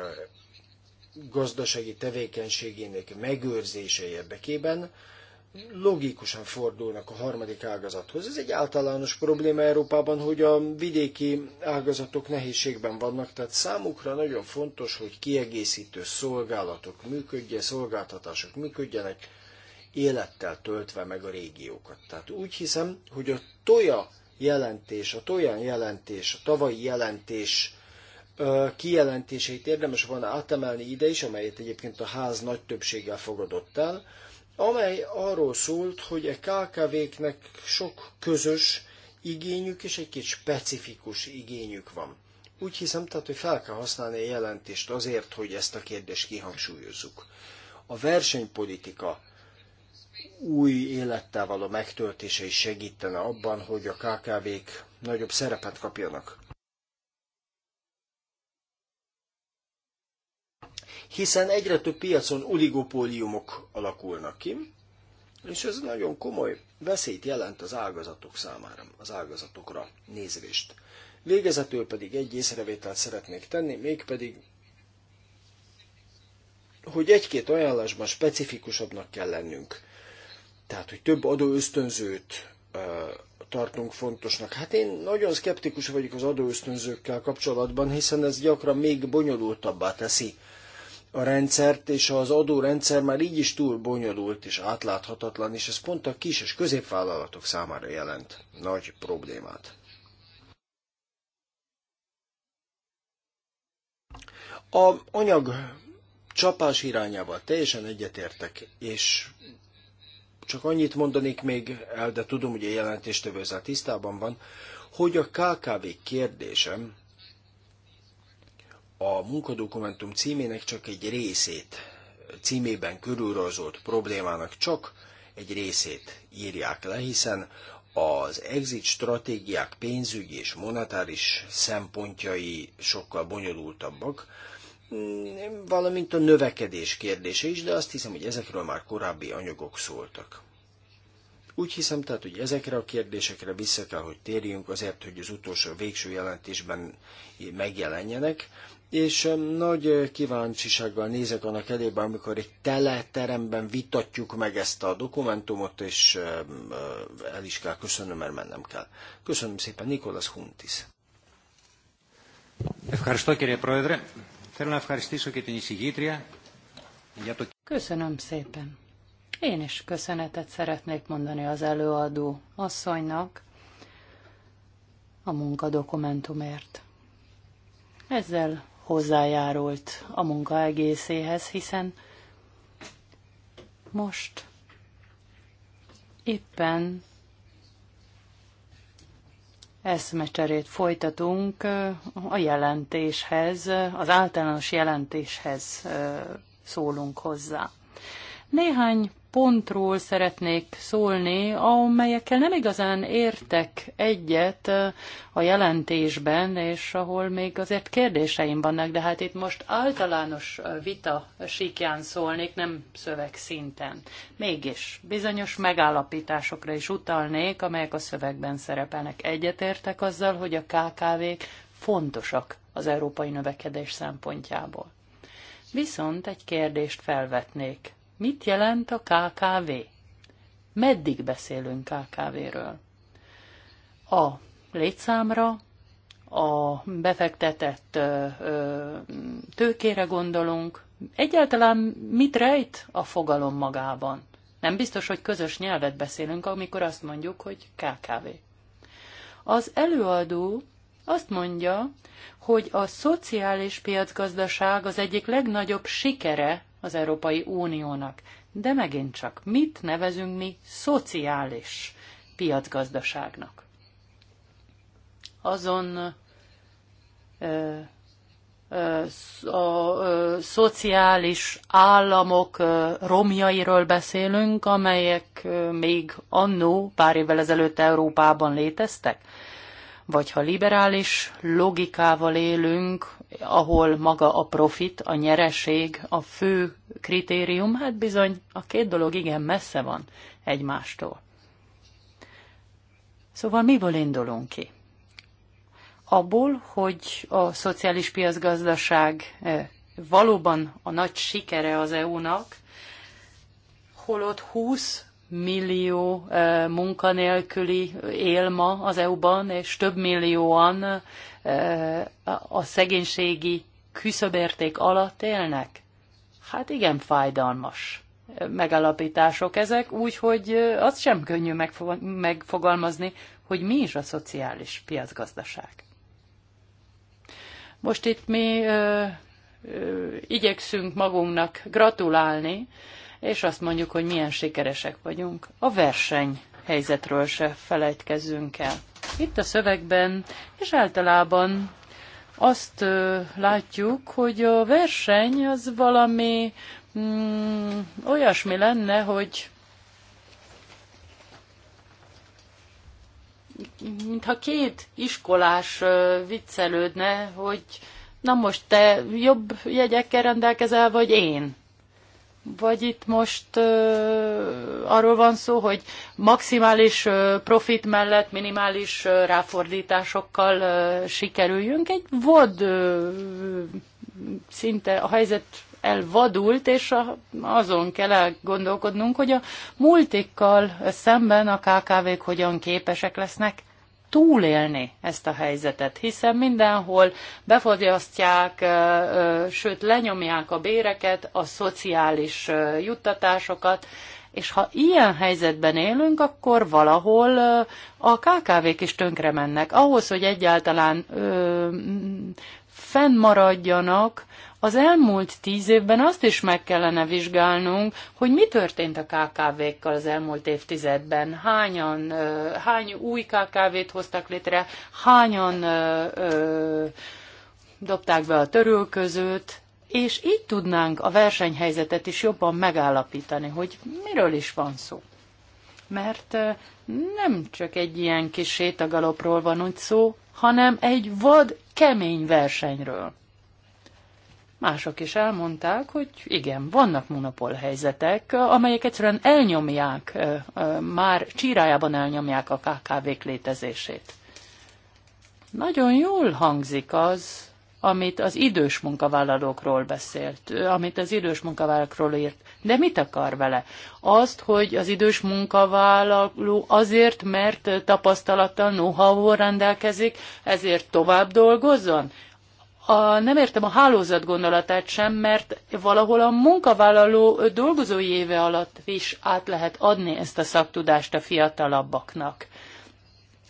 gazdasági tevékenységének megőrzése érdekében logikusan fordulnak a harmadik ágazathoz. Ez egy általános probléma Európában, hogy a vidéki ágazatok nehézségben vannak, tehát számukra nagyon fontos, hogy kiegészítő szolgálatok működjenek, szolgáltatások működjenek, élettel töltve meg a régiókat. Tehát úgy hiszem, hogy a toja jelentés, a tojan jelentés, a tavalyi jelentés kijelentéseit érdemes volna átemelni ide is, amelyet egyébként a ház nagy többséggel fogadott el, amely arról szólt, hogy a e KKV-knek sok közös igényük és egy kicsit specifikus igényük van. Úgy hiszem, tehát, hogy fel kell használni a jelentést azért, hogy ezt a kérdést kihangsúlyozzuk. A versenypolitika új élettel való megtöltése is segítene abban, hogy a KKV-k nagyobb szerepet kapjanak. Hiszen egyre több piacon oligopóliumok alakulnak ki, és ez nagyon komoly veszélyt jelent az ágazatok számára, az ágazatokra nézvést. Végezetül pedig egy észrevételt szeretnék tenni, mégpedig, hogy egy-két ajánlásban specifikusabbnak kell lennünk. Tehát, hogy több adóösztönzőt tartunk fontosnak. Hát én nagyon szkeptikus vagyok az adóösztönzőkkel kapcsolatban, hiszen ez gyakran még bonyolultabbá teszi a rendszert, és az adórendszer már így is túl bonyolult és átláthatatlan, és ez pont a kis és középvállalatok számára jelent nagy problémát. A anyag csapás irányával teljesen egyetértek, és csak annyit mondanék még el, de tudom, hogy a jelentéstevő ezzel tisztában van, hogy a KKV kérdésem a munkadokumentum címének csak egy részét, címében körülrajzolt problémának csak egy részét írják le, hiszen az exit stratégiák pénzügyi és monetáris szempontjai sokkal bonyolultabbak, Mm, valamint a növekedés kérdése is, de azt hiszem, hogy ezekről már korábbi anyagok szóltak. Úgy hiszem tehát, hogy ezekre a kérdésekre vissza kell, hogy térjünk azért, hogy az utolsó végső jelentésben megjelenjenek, és nagy kíváncsisággal nézek annak elébe, amikor egy teleteremben vitatjuk meg ezt a dokumentumot, és el is kell köszönöm, mert mennem kell. Köszönöm szépen, Nikolas Huntis. Ευχαριστώ κύριε Πρόεδρε. Köszönöm szépen. Én is köszönetet szeretnék mondani az előadó asszonynak a munkadokumentumért. Ezzel hozzájárult a munka egészéhez, hiszen most éppen eszmecserét folytatunk a jelentéshez, az általános jelentéshez szólunk hozzá. Néhány pontról szeretnék szólni, amelyekkel nem igazán értek egyet a jelentésben, és ahol még azért kérdéseim vannak, de hát itt most általános vita síkján szólnék, nem szöveg szinten. Mégis bizonyos megállapításokra is utalnék, amelyek a szövegben szerepelnek. Egyetértek azzal, hogy a KKV-k fontosak az európai növekedés szempontjából. Viszont egy kérdést felvetnék Mit jelent a KKV? Meddig beszélünk KKV-ről? A létszámra, a befektetett tőkére gondolunk. Egyáltalán mit rejt a fogalom magában? Nem biztos, hogy közös nyelvet beszélünk, amikor azt mondjuk, hogy KKV. Az előadó azt mondja, hogy a szociális piacgazdaság az egyik legnagyobb sikere az Európai Uniónak. De megint csak, mit nevezünk mi szociális piacgazdaságnak? Azon ö, a szociális államok romjairól beszélünk, amelyek még annó pár évvel ezelőtt Európában léteztek? vagy ha liberális logikával élünk, ahol maga a profit, a nyereség, a fő kritérium, hát bizony a két dolog igen messze van egymástól. Szóval miből indulunk ki? Abból, hogy a szociális piacgazdaság eh, valóban a nagy sikere az EU-nak, holott 20 millió munkanélküli él ma az EU-ban, és több millióan a szegénységi küszöbérték alatt élnek? Hát igen, fájdalmas megalapítások ezek, úgyhogy azt sem könnyű megfogalmazni, hogy mi is a szociális piacgazdaság. Most itt mi ö, ö, igyekszünk magunknak gratulálni, és azt mondjuk, hogy milyen sikeresek vagyunk. A verseny helyzetről se felejtkezzünk el. Itt a szövegben, és általában azt ö, látjuk, hogy a verseny az valami mm, olyasmi lenne, hogy mintha két iskolás ö, viccelődne, hogy na most te jobb jegyekkel rendelkezel, vagy én. Vagy itt most ö, arról van szó, hogy maximális ö, profit mellett minimális ö, ráfordításokkal ö, sikerüljünk. Egy vad ö, szinte a helyzet elvadult, és a, azon kell gondolkodnunk, hogy a multikkal szemben a KKV-k hogyan képesek lesznek túlélni ezt a helyzetet, hiszen mindenhol befogyasztják, sőt lenyomják a béreket, a szociális juttatásokat, és ha ilyen helyzetben élünk, akkor valahol a KKV-k is tönkre mennek. Ahhoz, hogy egyáltalán ö, fennmaradjanak az elmúlt tíz évben azt is meg kellene vizsgálnunk, hogy mi történt a KKV-kkal az elmúlt évtizedben. Hányan, hány új KKV-t hoztak létre, hányan ö, ö, dobták be a törülközőt, és így tudnánk a versenyhelyzetet is jobban megállapítani, hogy miről is van szó. Mert nem csak egy ilyen kis sétagalopról van úgy szó, hanem egy vad, kemény versenyről. Mások is elmondták, hogy igen, vannak monopól helyzetek, amelyek egyszerűen elnyomják, már csírájában elnyomják a KKV-k létezését. Nagyon jól hangzik az, amit az idős munkavállalókról beszélt, amit az idős munkavállalókról írt. De mit akar vele? Azt, hogy az idős munkavállaló azért, mert tapasztalattal, know-how-val rendelkezik, ezért tovább dolgozzon? a, nem értem a hálózat gondolatát sem, mert valahol a munkavállaló dolgozói éve alatt is át lehet adni ezt a szaktudást a fiatalabbaknak.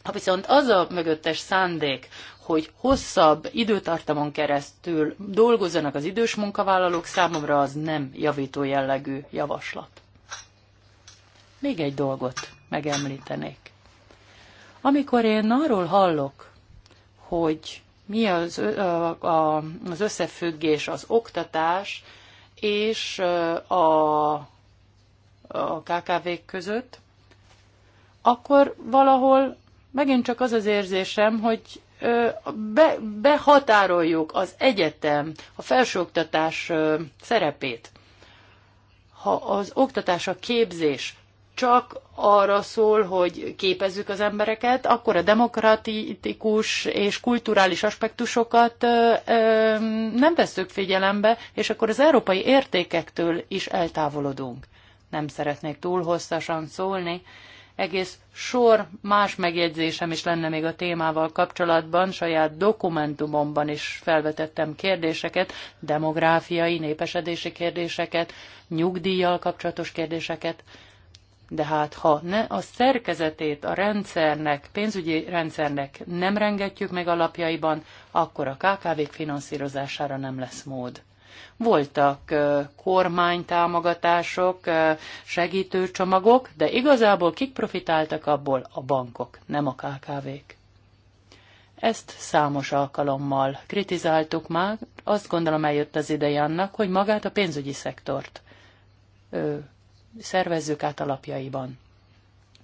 Ha viszont az a mögöttes szándék, hogy hosszabb időtartamon keresztül dolgozzanak az idős munkavállalók, számomra az nem javító jellegű javaslat. Még egy dolgot megemlítenék. Amikor én arról hallok, hogy mi az, a, az összefüggés az oktatás és a, a kkv között, akkor valahol megint csak az az érzésem, hogy be, behatároljuk az egyetem, a felsőoktatás szerepét. Ha az oktatás, a képzés csak arra szól, hogy képezzük az embereket, akkor a demokratikus és kulturális aspektusokat nem veszük figyelembe, és akkor az európai értékektől is eltávolodunk. Nem szeretnék túl hosszasan szólni. Egész sor más megjegyzésem is lenne még a témával kapcsolatban, saját dokumentumomban is felvetettem kérdéseket, demográfiai, népesedési kérdéseket, nyugdíjjal kapcsolatos kérdéseket de hát ha ne a szerkezetét a rendszernek, pénzügyi rendszernek nem rengetjük meg alapjaiban, akkor a KKV-k finanszírozására nem lesz mód. Voltak kormánytámogatások, segítőcsomagok, de igazából kik profitáltak abból? A bankok, nem a KKV-k. Ezt számos alkalommal kritizáltuk már, azt gondolom eljött az ideje annak, hogy magát a pénzügyi szektort szervezzük át alapjaiban.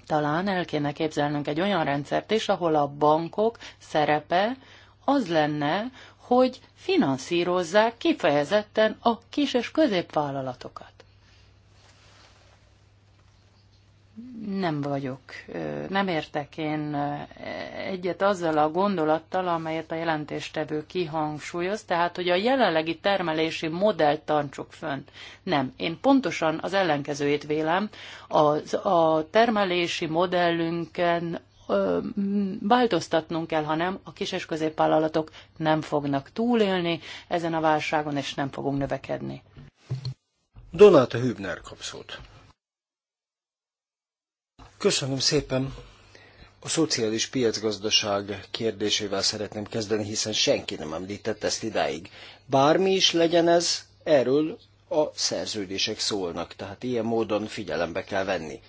Talán el kéne képzelnünk egy olyan rendszert is, ahol a bankok szerepe az lenne, hogy finanszírozzák kifejezetten a kis és középvállalatokat. nem vagyok, nem értek én egyet azzal a gondolattal, amelyet a jelentéstevő kihangsúlyoz, tehát, hogy a jelenlegi termelési modellt tartsuk fönt. Nem, én pontosan az ellenkezőjét vélem, az, a termelési modellünken változtatnunk kell, hanem a kis és középvállalatok nem fognak túlélni ezen a válságon, és nem fogunk növekedni. Donáta Hübner kapszót. Köszönöm szépen. A szociális piacgazdaság kérdésével szeretném kezdeni, hiszen senki nem említett ezt idáig. Bármi is legyen ez, erről a szerződések szólnak, tehát ilyen módon figyelembe kell venni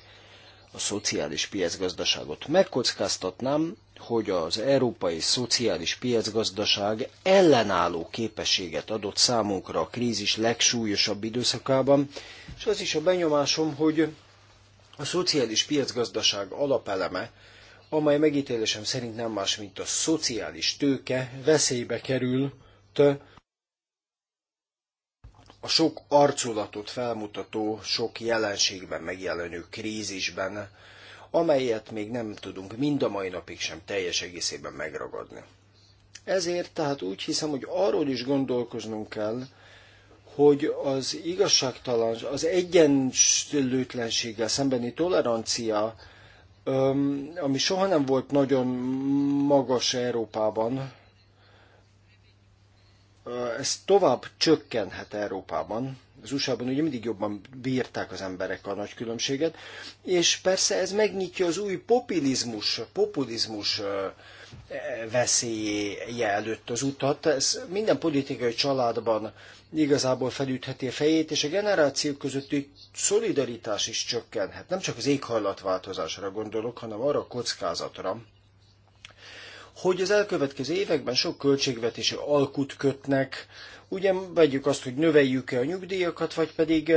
a szociális piacgazdaságot. Megkockáztatnám, hogy az európai szociális piacgazdaság ellenálló képességet adott számunkra a krízis legsúlyosabb időszakában, és az is a benyomásom, hogy a szociális piacgazdaság alapeleme, amely megítélésem szerint nem más, mint a szociális tőke, veszélybe került a sok arculatot felmutató, sok jelenségben megjelenő krízisben, amelyet még nem tudunk mind a mai napig sem teljes egészében megragadni. Ezért tehát úgy hiszem, hogy arról is gondolkoznunk kell, hogy az igazságtalan, az egyenlőtlenséggel szembeni tolerancia, ami soha nem volt nagyon magas Európában, ez tovább csökkenhet Európában. Az USA-ban ugye mindig jobban bírták az emberek a nagy különbséget, és persze ez megnyitja az új populizmus, populizmus e, veszélye előtt az utat. Ez minden politikai családban igazából felütheti a fejét, és a generációk közötti szolidaritás is csökkenhet. Nem csak az éghajlatváltozásra gondolok, hanem arra a kockázatra, hogy az elkövetkező években sok költségvetési alkut kötnek, ugye vegyük azt, hogy növeljük-e a nyugdíjakat, vagy pedig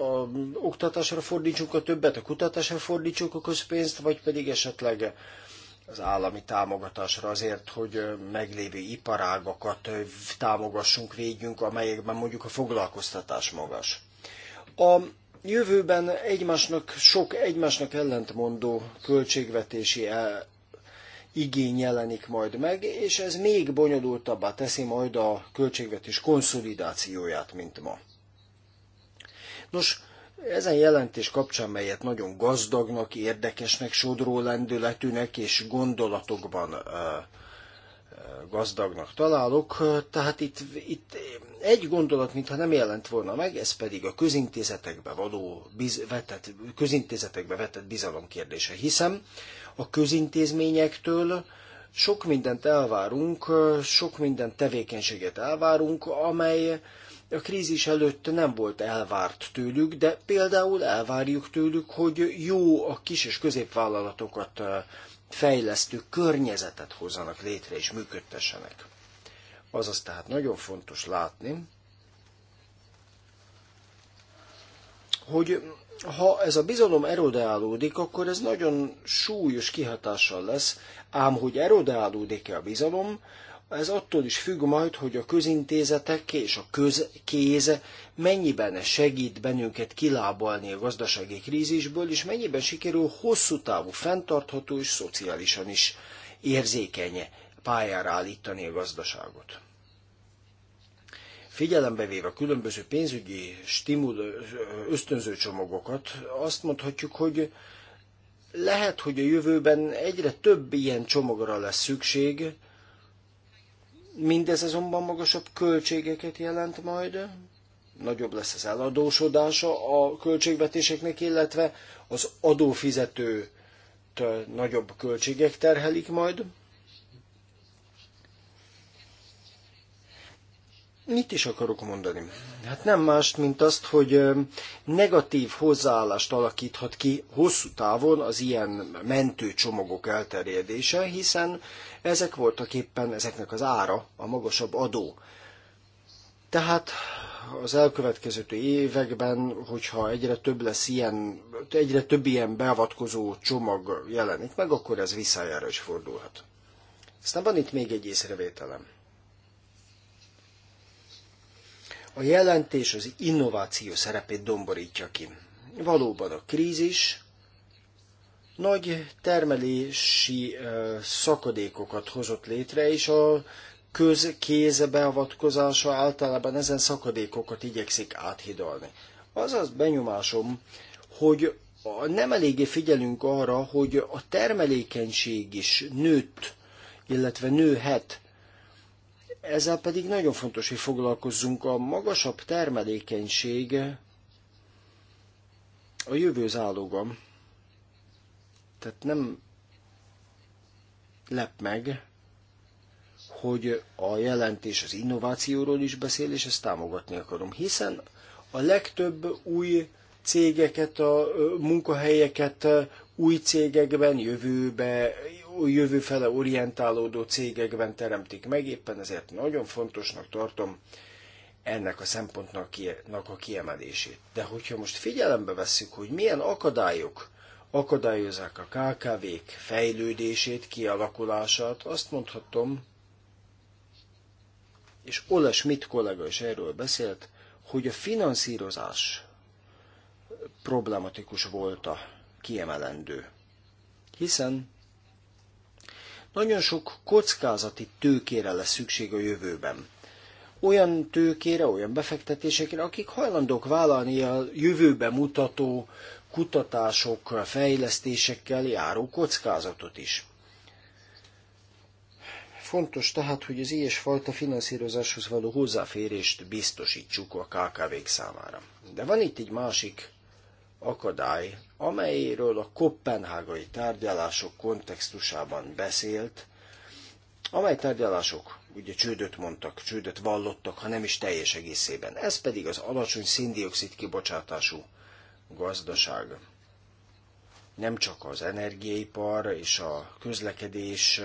a oktatásra fordítsunk a többet, a kutatásra fordítsuk a közpénzt, vagy pedig esetleg az állami támogatásra azért, hogy meglévő iparágakat támogassunk, védjünk, amelyekben mondjuk a foglalkoztatás magas. A jövőben egymásnak, sok egymásnak ellentmondó költségvetési e, igény jelenik majd meg, és ez még bonyolultabbá teszi majd a költségvetés konszolidációját, mint ma. Nos, ezen jelentés kapcsán, melyet nagyon gazdagnak, érdekesnek, sodró lendületűnek és gondolatokban gazdagnak találok, tehát itt, itt egy gondolat, mintha nem jelent volna meg, ez pedig a közintézetekbe való biz, vetett, közintézetekbe vetett bizalom kérdése. Hiszem, a közintézményektől sok mindent elvárunk, sok minden tevékenységet elvárunk, amely a krízis előtt nem volt elvárt tőlük, de például elvárjuk tőlük, hogy jó a kis és középvállalatokat fejlesztő környezetet hozzanak létre és működtessenek. Azaz tehát nagyon fontos látni, hogy ha ez a bizalom erodálódik, akkor ez nagyon súlyos kihatással lesz, ám hogy erodálódik-e a bizalom, ez attól is függ majd, hogy a közintézetek és a közkéz mennyiben segít bennünket kilábalni a gazdasági krízisből, és mennyiben sikerül hosszú távú, fenntartható és szociálisan is érzékeny pályára állítani a gazdaságot. Figyelembe véve a különböző pénzügyi stimul ösztönző csomagokat, azt mondhatjuk, hogy lehet, hogy a jövőben egyre több ilyen csomagra lesz szükség, Mindez azonban magasabb költségeket jelent majd, nagyobb lesz az eladósodása a költségvetéseknek, illetve az adófizetőt nagyobb költségek terhelik majd. mit is akarok mondani? Hát nem más, mint azt, hogy negatív hozzáállást alakíthat ki hosszú távon az ilyen mentőcsomagok elterjedése, hiszen ezek voltak éppen ezeknek az ára, a magasabb adó. Tehát az elkövetkező években, hogyha egyre több lesz ilyen, egyre több ilyen beavatkozó csomag jelenik meg, akkor ez visszájára is fordulhat. Aztán van itt még egy észrevételem. A jelentés az innováció szerepét domborítja ki. Valóban a krízis nagy termelési szakadékokat hozott létre, és a közkéz beavatkozása általában ezen szakadékokat igyekszik áthidalni. Az az benyomásom, hogy nem eléggé figyelünk arra, hogy a termelékenység is nőtt, illetve nőhet ezzel pedig nagyon fontos, hogy foglalkozzunk a magasabb termelékenység a jövő záloga. Tehát nem lep meg, hogy a jelentés az innovációról is beszél, és ezt támogatni akarom, hiszen a legtöbb új cégeket, a munkahelyeket új cégekben, jövőbe jövő fele orientálódó cégekben teremtik meg, éppen ezért nagyon fontosnak tartom ennek a szempontnak a kiemelését. De hogyha most figyelembe vesszük, hogy milyen akadályok akadályozzák a KKV-k fejlődését, kialakulását, azt mondhatom, és Ola Schmidt kollega is erről beszélt, hogy a finanszírozás problematikus volt a kiemelendő. Hiszen nagyon sok kockázati tőkére lesz szükség a jövőben. Olyan tőkére, olyan befektetésekre, akik hajlandók vállalni a jövőbe mutató kutatások, fejlesztésekkel járó kockázatot is. Fontos tehát, hogy az ilyesfajta finanszírozáshoz való hozzáférést biztosítsuk a KKV-k számára. De van itt egy másik akadály, amelyről a koppenhágai tárgyalások kontextusában beszélt, amely tárgyalások ugye csődöt mondtak, csődöt vallottak, ha nem is teljes egészében. Ez pedig az alacsony széndiokszid kibocsátású gazdaság. Nem csak az energiaipar és a közlekedés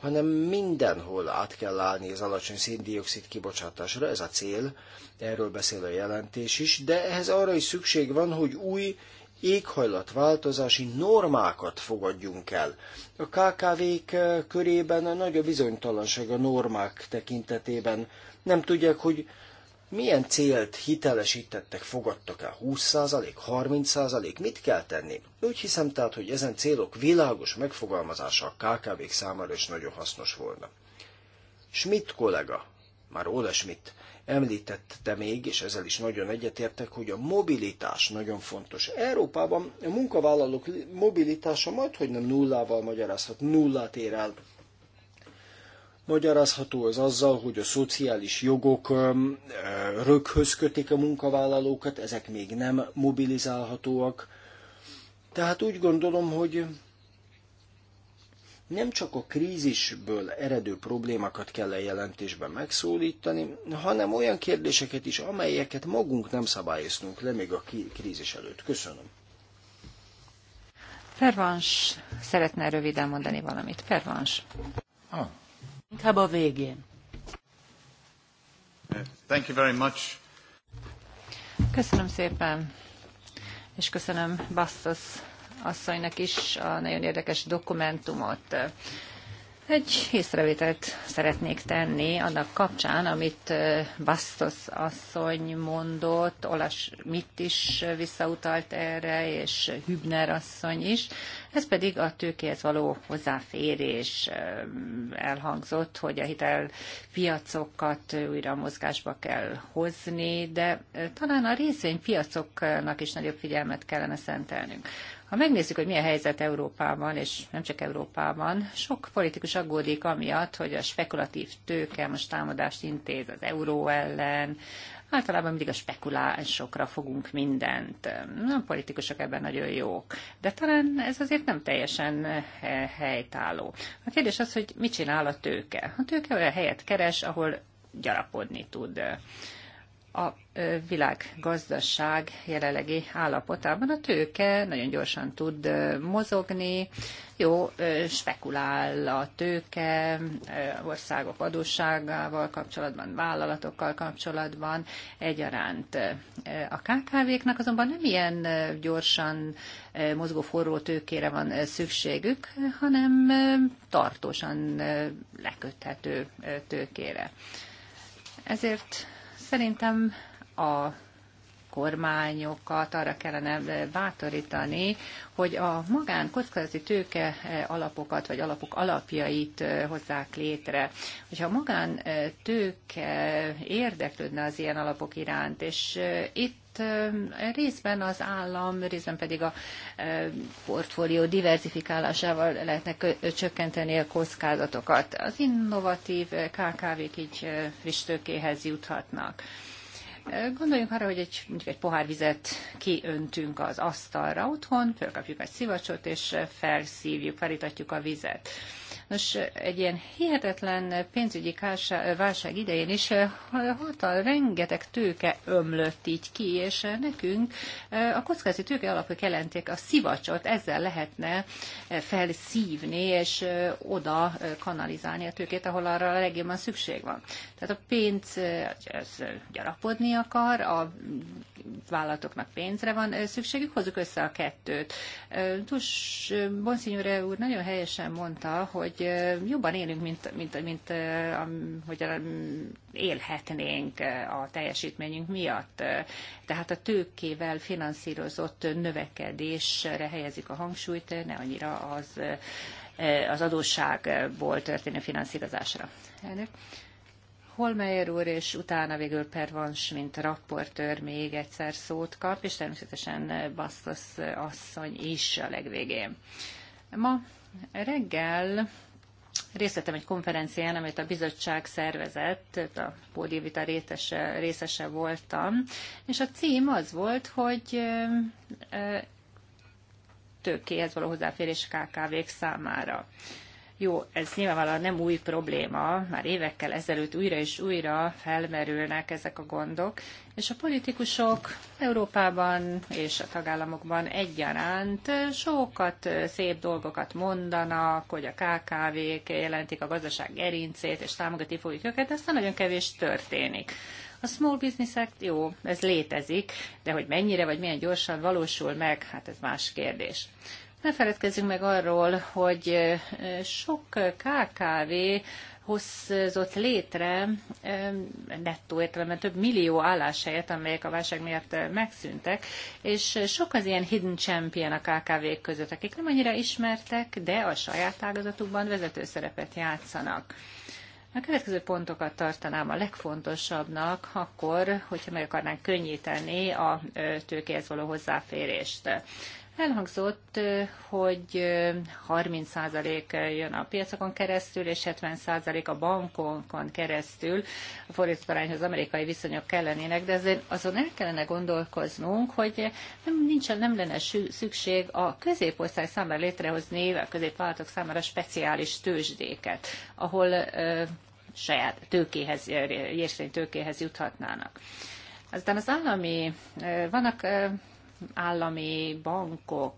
hanem mindenhol át kell állni az alacsony széndiokszid kibocsátásra, ez a cél, erről beszél a jelentés is, de ehhez arra is szükség van, hogy új éghajlatváltozási normákat fogadjunk el. A KKV-k eh, körében nagy a bizonytalanság a normák tekintetében. Nem tudják, hogy milyen célt hitelesítettek, fogadtak el? 20%, 30%? Mit kell tenni? Úgy hiszem tehát, hogy ezen célok világos megfogalmazása a KKV-k számára is nagyon hasznos volna. Schmidt kollega, már Ole Schmidt, említette még, és ezzel is nagyon egyetértek, hogy a mobilitás nagyon fontos. Európában a munkavállalók mobilitása majd, hogy nem nullával magyarázhat, nullát ér el magyarázható az azzal, hogy a szociális jogok röghöz kötik a munkavállalókat, ezek még nem mobilizálhatóak. Tehát úgy gondolom, hogy nem csak a krízisből eredő problémákat kell a jelentésben megszólítani, hanem olyan kérdéseket is, amelyeket magunk nem szabályoznunk le még a krízis előtt. Köszönöm. Pervans szeretne röviden mondani valamit. Pervans. Ah. Inkább a végén. Thank you very much. Köszönöm szépen, és köszönöm Bastos asszonynak is a nagyon érdekes dokumentumot. Egy észrevételt szeretnék tenni annak kapcsán, amit Bastos asszony mondott, Olas mit is visszautalt erre, és Hübner asszony is. Ez pedig a tőkéhez való hozzáférés elhangzott, hogy a hitelpiacokat újra mozgásba kell hozni, de eh, talán a részvénypiacoknak is nagyobb figyelmet kellene szentelnünk. Ha megnézzük, hogy milyen helyzet Európában, és nem csak Európában, sok politikus aggódik amiatt, hogy a spekulatív tőke most támadást intéz az euró ellen, Általában mindig a spekulánsokra fogunk mindent. A politikusok ebben nagyon jók, de talán ez azért nem teljesen eh, helytálló. A kérdés az, hogy mit csinál a tőke. A tőke olyan helyet keres, ahol gyarapodni tud a világgazdaság jelenlegi állapotában a tőke nagyon gyorsan tud mozogni, jó, spekulál a tőke országok adósságával kapcsolatban, vállalatokkal kapcsolatban egyaránt. A KKV-knak azonban nem ilyen gyorsan mozgó forró tőkére van szükségük, hanem tartósan leköthető tőkére. Ezért Szerintem a kormányokat arra kellene eh, bátorítani, hogy a magán kockázati tőke eh, alapokat, vagy alapok alapjait eh, hozzák létre. Hogyha a magán tőke érdeklődne az ilyen alapok iránt, és itt Hát, részben az állam, részben pedig a portfólió diversifikálásával lehetnek csökkenteni a kockázatokat. Az innovatív KKV-k így friss tőkéhez juthatnak. Gondoljunk arra, hogy egy, mondjuk egy pohár vizet kiöntünk az asztalra otthon, fölkapjuk egy szivacsot, és felszívjuk, felítatjuk a vizet. Nos, egy ilyen hihetetlen pénzügyi válság idején is eh, hatal rengeteg tőke ömlött így ki, és eh, nekünk eh, a kockázati tőke alapok jelenték a szivacsot, ezzel lehetne felszívni és oda kanalizálni a tőkét, ahol arra a legjobban szükség van. Tehát a pénz ez gyarapodni akar, a vállalatoknak pénzre van szükségük, hozzuk össze a kettőt. Tus Bonsignore úr nagyon helyesen mondta, hogy hogy jobban élünk, mint, mint, mint hogy élhetnénk a teljesítményünk miatt. Tehát a tőkével finanszírozott növekedésre helyezik a hangsúlyt, ne annyira az, az adósságból történő finanszírozásra. Elnök. Holmeyer úr, és utána végül Pervans, mint rapportőr még egyszer szót kap, és természetesen Bastos asszony is a legvégén. Ma reggel Részt vettem egy konferencián, amit a bizottság szervezett, a pódiumvita részese, részese voltam, és a cím az volt, hogy tőkéhez való hozzáférés KKV-k számára. Jó, ez nyilvánvalóan nem új probléma, már évekkel ezelőtt újra és újra felmerülnek ezek a gondok, és a politikusok Európában és a tagállamokban egyaránt sokat szép dolgokat mondanak, hogy a KKV-k jelentik a gazdaság gerincét, és támogatni fogjuk őket, de aztán nagyon kevés történik. A Small Business Act, jó, ez létezik, de hogy mennyire vagy milyen gyorsan valósul meg, hát ez más kérdés. Ne feledkezzünk meg arról, hogy sok KKV hozott létre nettó értelemben több millió álláshelyet, amelyek a válság miatt megszűntek, és sok az ilyen hidden champion a kkv között, akik nem annyira ismertek, de a saját ágazatukban vezető szerepet játszanak. A következő pontokat tartanám a legfontosabbnak, akkor, hogyha meg akarnánk könnyíteni a tőkéhez való hozzáférést. Elhangzott, hogy 30% jön a piacokon keresztül, és 70% a bankokon keresztül, a fordított amerikai viszonyok kellenének, de azért azon el kellene gondolkoznunk, hogy nem, nincsen, nem lenne szükség a középosztály számára létrehozni, a középvállalatok számára speciális tőzsdéket, ahol ö, saját tőkéhez, tőkéhez juthatnának. Aztán az állami, vannak állami bankok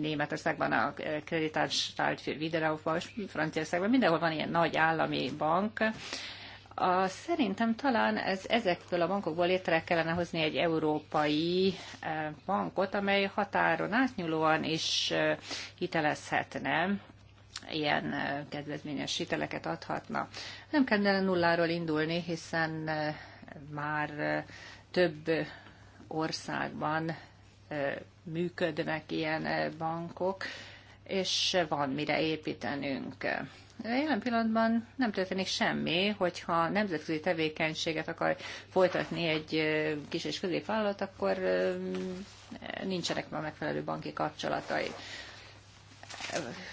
Németországban, a Kreditanstalt für Wiederaufbau, és Franciaországban, mindenhol van ilyen nagy állami bank, a, szerintem talán ez, ezekből a bankokból létre kellene hozni egy európai bankot, amely határon átnyúlóan is hitelezhetne ilyen kedvezményes hiteleket adhatna. Nem kellene nulláról indulni, hiszen már több országban működnek ilyen bankok, és van mire építenünk. Jelen pillanatban nem történik semmi, hogyha nemzetközi tevékenységet akar folytatni egy kis és középvállalat, akkor nincsenek már megfelelő banki kapcsolatai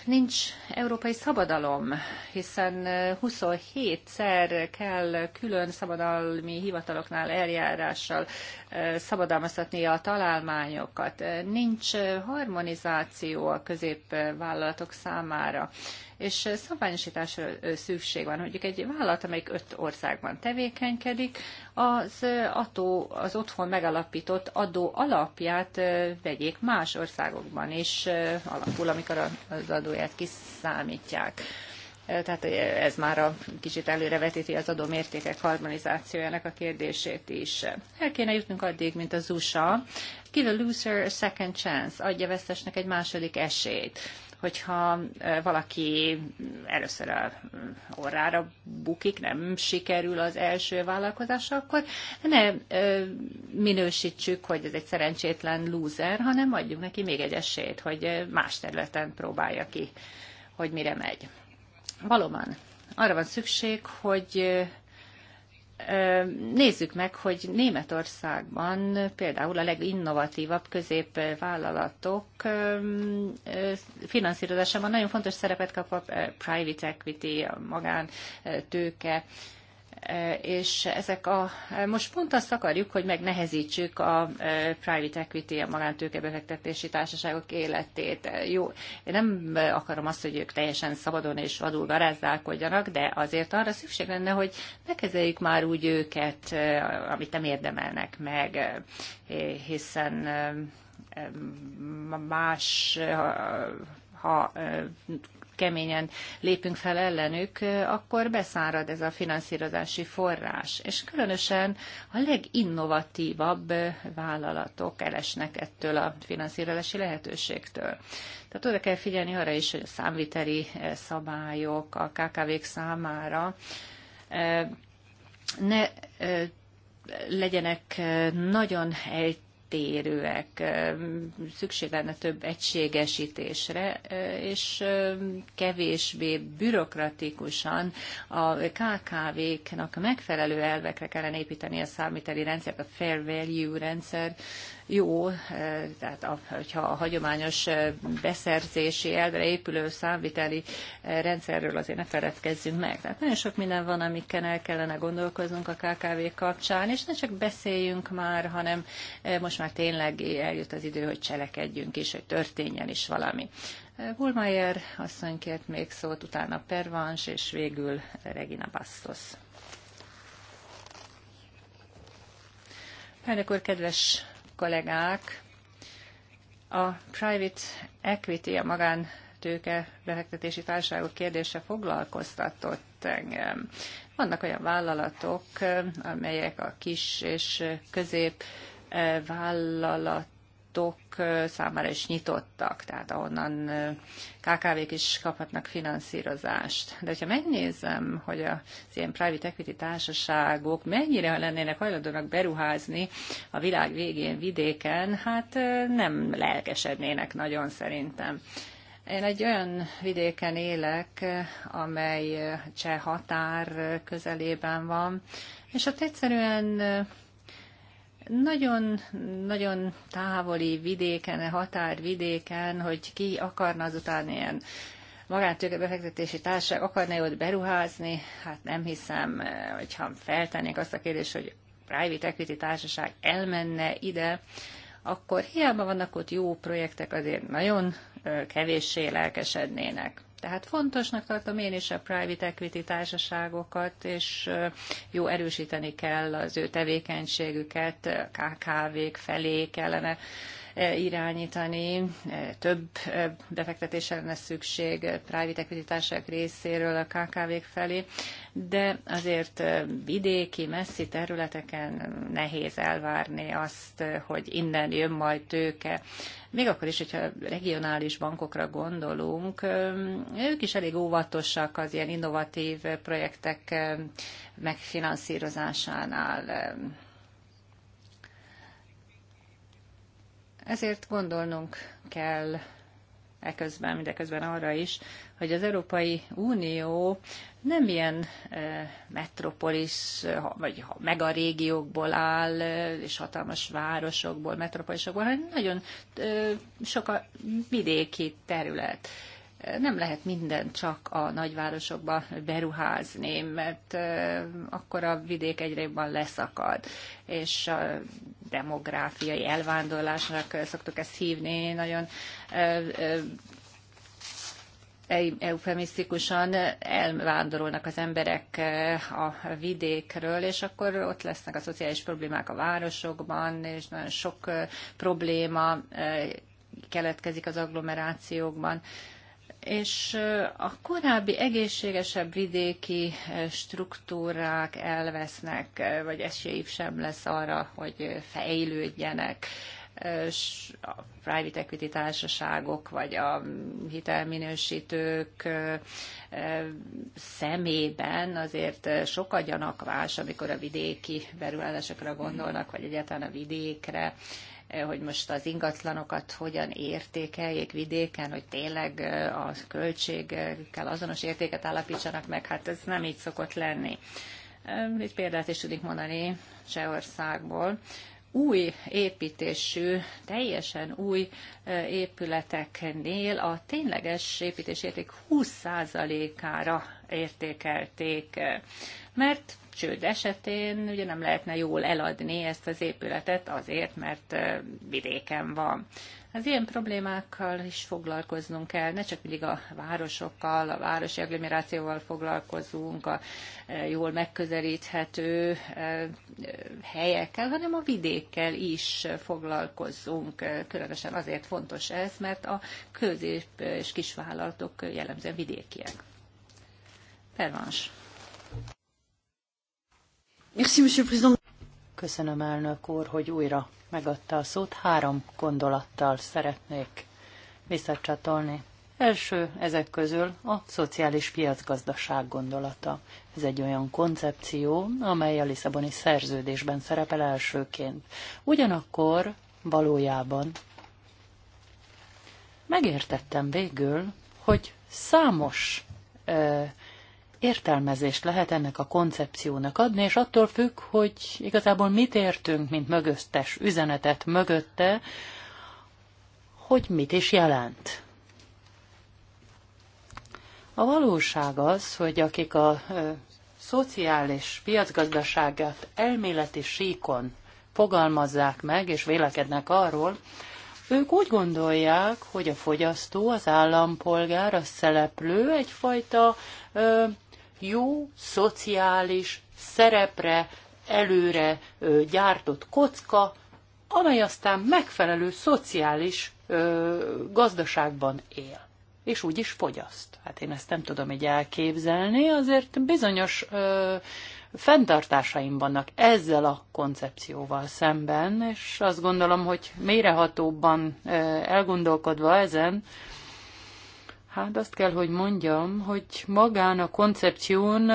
nincs európai szabadalom, hiszen 27-szer kell külön szabadalmi hivataloknál eljárással szabadalmaztatni a találmányokat. Nincs harmonizáció a középvállalatok számára és eh, szabványosításra eh, szükség van. Mondjuk egy vállalat, amelyik öt országban tevékenykedik, az, eh, ató, az otthon megalapított adó alapját vegyék más országokban is alapul, amikor az adóját kiszámítják tehát ez már a kicsit előrevetíti az mértékek harmonizációjának a kérdését is. El kéne jutnunk addig, mint az USA. Give a loser a second chance, adja vesztesnek egy második esélyt hogyha valaki először a orrára bukik, nem sikerül az első vállalkozása, akkor ne minősítsük, hogy ez egy szerencsétlen lúzer, hanem adjuk neki még egy esélyt, hogy más területen próbálja ki, hogy mire megy. Valóban arra van szükség, hogy Nézzük meg, hogy Németországban például a leginnovatívabb középvállalatok finanszírozásában nagyon fontos szerepet kap a private equity, a magántőke, Eh, és ezek a, eh, most pont azt akarjuk, hogy megnehezítsük a eh, private equity, a magántőkebefektetési társaságok életét. Jó, én nem akarom azt, hogy ők teljesen szabadon és vadul garázdálkodjanak, de azért arra szükség lenne, hogy ne kezeljük már úgy őket, amit nem érdemelnek meg, hiszen más ha keményen lépünk fel ellenük, akkor beszárad ez a finanszírozási forrás. És különösen a leginnovatívabb vállalatok elesnek ettől a finanszírozási lehetőségtől. Tehát oda kell figyelni arra is, hogy a számviteli eh, szabályok a KKV-k számára eh, ne eh, legyenek nagyon egy eltérőek, szükség lenne több egységesítésre, és kevésbé bürokratikusan a KKV-knak megfelelő elvekre kellene építeni a számíteli rendszert, a fair value rendszer jó, eh, tehát a, hogyha a hagyományos eh, beszerzési elvre épülő számviteli eh, rendszerről azért ne feledkezzünk meg. Tehát nagyon sok minden van, amikkel el kellene gondolkoznunk a KKV kapcsán, és ne csak beszéljünk már, hanem most már tényleg eljött az idő, hogy cselekedjünk és hogy történjen is valami. Bulmayer asszony kért még szót, utána Pervans, és végül Regina Bastos. Elnök úr, kedves kollégák, a private equity, a magán tőke befektetési társaságok kérdése foglalkoztatott engem. Vannak olyan vállalatok, amelyek a kis és közép eh, vállalat vállalatok számára is nyitottak, tehát ahonnan KKV-k is kaphatnak finanszírozást. De ha megnézem, hogy az ilyen private equity társaságok mennyire lennének hajlandóak beruházni a világ végén vidéken, hát nem lelkesednének nagyon szerintem. Én egy olyan vidéken élek, amely cseh határ közelében van, és ott egyszerűen nagyon-nagyon távoli vidéken, határvidéken, hogy ki akarna azután ilyen magántőkebefektetési társaság akarna ott beruházni, hát nem hiszem, eh, hogyha feltennék azt a kérdést, hogy private equity társaság elmenne ide, akkor hiába vannak ott jó projektek, azért nagyon eh, kevéssé lelkesednének. Tehát fontosnak tartom én is a private equity társaságokat, és jó erősíteni kell az ő tevékenységüket, KKV-k felé kellene irányítani, e, több e, befektetésre lenne szükség private equity részéről a KKV-k felé, de azért e, vidéki, messzi területeken nehéz elvárni azt, hogy innen jön majd tőke. Még akkor is, hogyha regionális bankokra gondolunk, ők is elég óvatosak az ilyen innovatív projektek megfinanszírozásánál Ezért gondolnunk kell eközben, mindeközben arra is, hogy az Európai Unió nem ilyen e, metropolis, vagy megarégiókból áll, e, és hatalmas városokból, metropolisokból, hanem nagyon e, sok a vidéki terület nem lehet minden csak a nagyvárosokba beruházni, mert akkor a vidék egyre jobban leszakad, és a demográfiai elvándorlásnak szoktuk ezt hívni, nagyon e-, eufemisztikusan elvándorolnak az emberek a vidékről, és akkor ott lesznek a szociális problémák a városokban, és nagyon sok probléma keletkezik az agglomerációkban és a korábbi egészségesebb vidéki struktúrák elvesznek, vagy esélyük sem lesz arra, hogy fejlődjenek a private equity társaságok, vagy a hitelminősítők szemében azért sokat gyanakvás, amikor a vidéki beruházásokra gondolnak, vagy egyáltalán a vidékre Eh, hogy most az ingatlanokat hogyan értékeljék vidéken, hogy tényleg eh, a költségekkel azonos értéket állapítsanak meg, hát ez nem így szokott lenni. Egy példát is tudik mondani Csehországból, új építésű, teljesen új eh, épületeknél a tényleges építésérték 20%-ára értékelték, mert csőd esetén ugye nem lehetne jól eladni ezt az épületet azért, mert vidéken van. Az ilyen problémákkal is foglalkoznunk kell, ne csak mindig a városokkal, a városi agglomerációval foglalkozunk, a jól megközelíthető helyekkel, hanem a vidékkel is foglalkozzunk. Különösen azért fontos ez, mert a közép és kisvállalatok jellemzően vidékiek. Pervans. Merci, Monsieur le Président. Köszönöm, elnök úr, hogy újra megadta a szót. Három gondolattal szeretnék visszacsatolni. Első ezek közül a szociális piacgazdaság gondolata. Ez egy olyan koncepció, amely a Lisszaboni szerződésben szerepel elsőként. Ugyanakkor valójában megértettem végül, hogy számos értelmezést lehet ennek a koncepciónak adni, és attól függ, hogy igazából mit értünk, mint mögöttes üzenetet mögötte, hogy mit is jelent. A valóság az, hogy akik a ö, szociális piacgazdaságát elméleti síkon fogalmazzák meg és vélekednek arról, ők úgy gondolják, hogy a fogyasztó, az állampolgár, a szereplő egyfajta ö, jó, szociális szerepre, előre gyártott kocka, amely aztán megfelelő szociális ö, gazdaságban él, és úgy is fogyaszt. Hát én ezt nem tudom így elképzelni, azért bizonyos ö, fenntartásaim vannak ezzel a koncepcióval szemben, és azt gondolom, hogy mélyrehatóbban ö, elgondolkodva ezen, ö, Hát azt kell, hogy mondjam, hogy magán a koncepción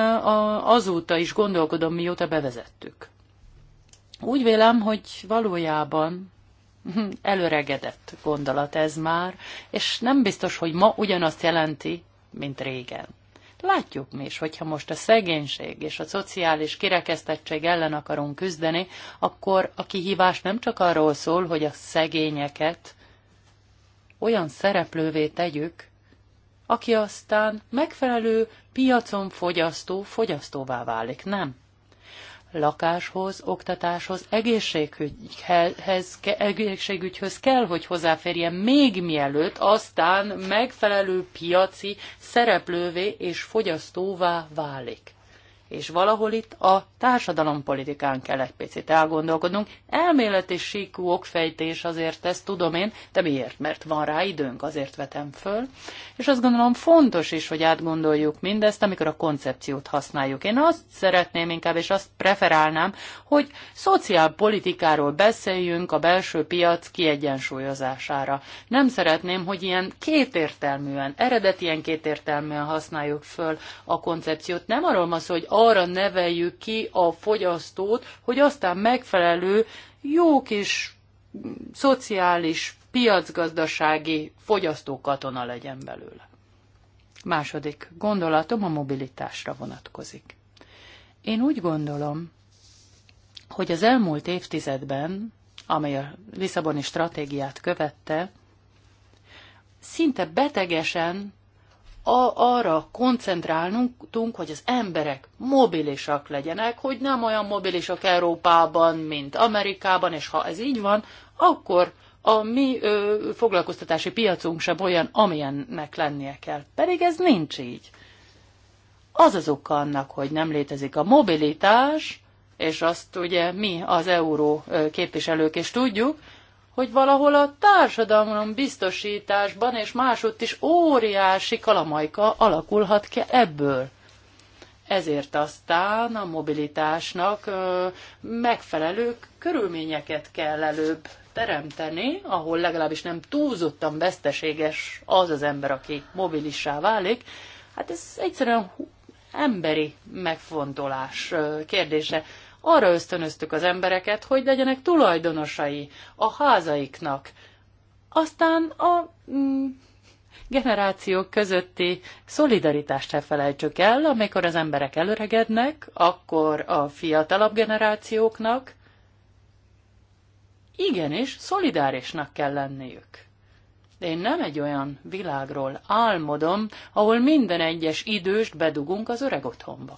azóta is gondolkodom, mióta bevezettük. Úgy vélem, hogy valójában [laughs] előregedett gondolat ez már, és nem biztos, hogy ma ugyanazt jelenti, mint régen. Látjuk mi is, hogyha most a szegénység és a szociális kirekesztettség ellen akarunk küzdeni, akkor a kihívás nem csak arról szól, hogy a szegényeket olyan szereplővé tegyük, aki aztán megfelelő piacon fogyasztó fogyasztóvá válik. Nem. Lakáshoz, oktatáshoz, egészségügyhez, egészségügyhöz kell, hogy hozzáférjen még mielőtt aztán megfelelő piaci szereplővé és fogyasztóvá válik és valahol itt a társadalompolitikán kell egy picit elgondolkodnunk. Elméleti síkú okfejtés azért ezt tudom én, de miért? Mert van rá időnk, azért vetem föl. És azt gondolom fontos is, hogy átgondoljuk mindezt, amikor a koncepciót használjuk. Én azt szeretném inkább, és azt preferálnám, hogy szociálpolitikáról beszéljünk a belső piac kiegyensúlyozására. Nem szeretném, hogy ilyen kétértelműen, eredetien kétértelműen használjuk föl a koncepciót. Nem arról van szó, hogy arra neveljük ki a fogyasztót, hogy aztán megfelelő jó kis szociális, piacgazdasági fogyasztókatona legyen belőle. Második gondolatom a mobilitásra vonatkozik. Én úgy gondolom, hogy az elmúlt évtizedben, amely a Lisszaboni stratégiát követte, szinte betegesen arra koncentrálnunk, hogy az emberek mobilisak legyenek, hogy nem olyan mobilisak Európában, mint Amerikában, és ha ez így van, akkor a mi ö, foglalkoztatási piacunk sem olyan, amilyennek lennie kell. Pedig ez nincs így. Az az oka annak, hogy nem létezik a mobilitás, és azt ugye mi az euró képviselők is tudjuk, hogy valahol a társadalom biztosításban és másutt is óriási kalamajka alakulhat ki ebből. Ezért aztán a mobilitásnak megfelelő körülményeket kell előbb teremteni, ahol legalábbis nem túlzottan veszteséges az az ember, aki mobilissá válik. Hát ez egyszerűen emberi megfontolás kérdése arra ösztönöztük az embereket, hogy legyenek tulajdonosai a házaiknak. Aztán a mm, generációk közötti szolidaritást se felejtsük el, amikor az emberek előregednek, akkor a fiatalabb generációknak igenis szolidárisnak kell lenniük. De én nem egy olyan világról álmodom, ahol minden egyes időst bedugunk az öreg otthonba.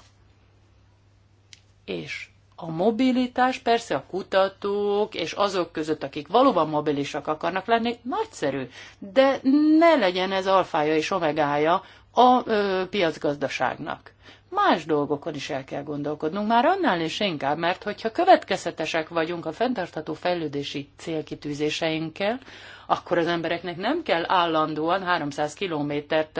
És a mobilitás persze a kutatók és azok között, akik valóban mobilisak akarnak lenni, nagyszerű, de ne legyen ez alfája és omegája a ö, piacgazdaságnak. Más dolgokon is el kell gondolkodnunk, már annál is inkább, mert hogyha következetesek vagyunk a fenntartható fejlődési célkitűzéseinkkel, akkor az embereknek nem kell állandóan 300 kilométert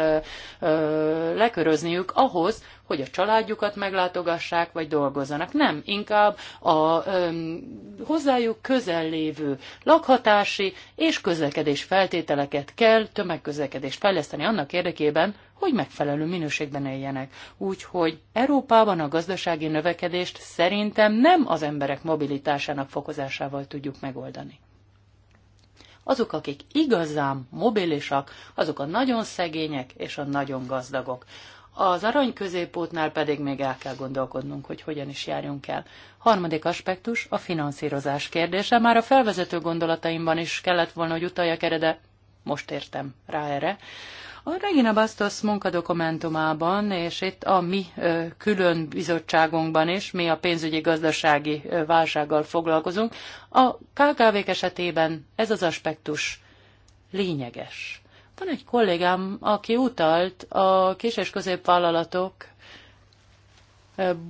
lekörözniük ahhoz, hogy a családjukat meglátogassák, vagy dolgozzanak. Nem, inkább a öm, hozzájuk közel lévő lakhatási és közlekedés feltételeket kell, tömegközlekedést fejleszteni annak érdekében, hogy megfelelő minőségben éljenek. Úgyhogy Európában a gazdasági növekedést szerintem nem az emberek mobilitásának fokozásával tudjuk megoldani. Azok, akik igazán mobilisak, azok a nagyon szegények és a nagyon gazdagok. Az arany középútnál pedig még el kell gondolkodnunk, hogy hogyan is járjunk el. Harmadik aspektus a finanszírozás kérdése. Már a felvezető gondolataimban is kellett volna, hogy utaljak erre, de most értem rá erre. A Regina Bastos munkadokumentumában, és itt a mi külön bizottságunkban is, mi a pénzügyi gazdasági válsággal foglalkozunk, a KKV-k esetében ez az aspektus lényeges. Van egy kollégám, aki utalt a kis- és középvállalatok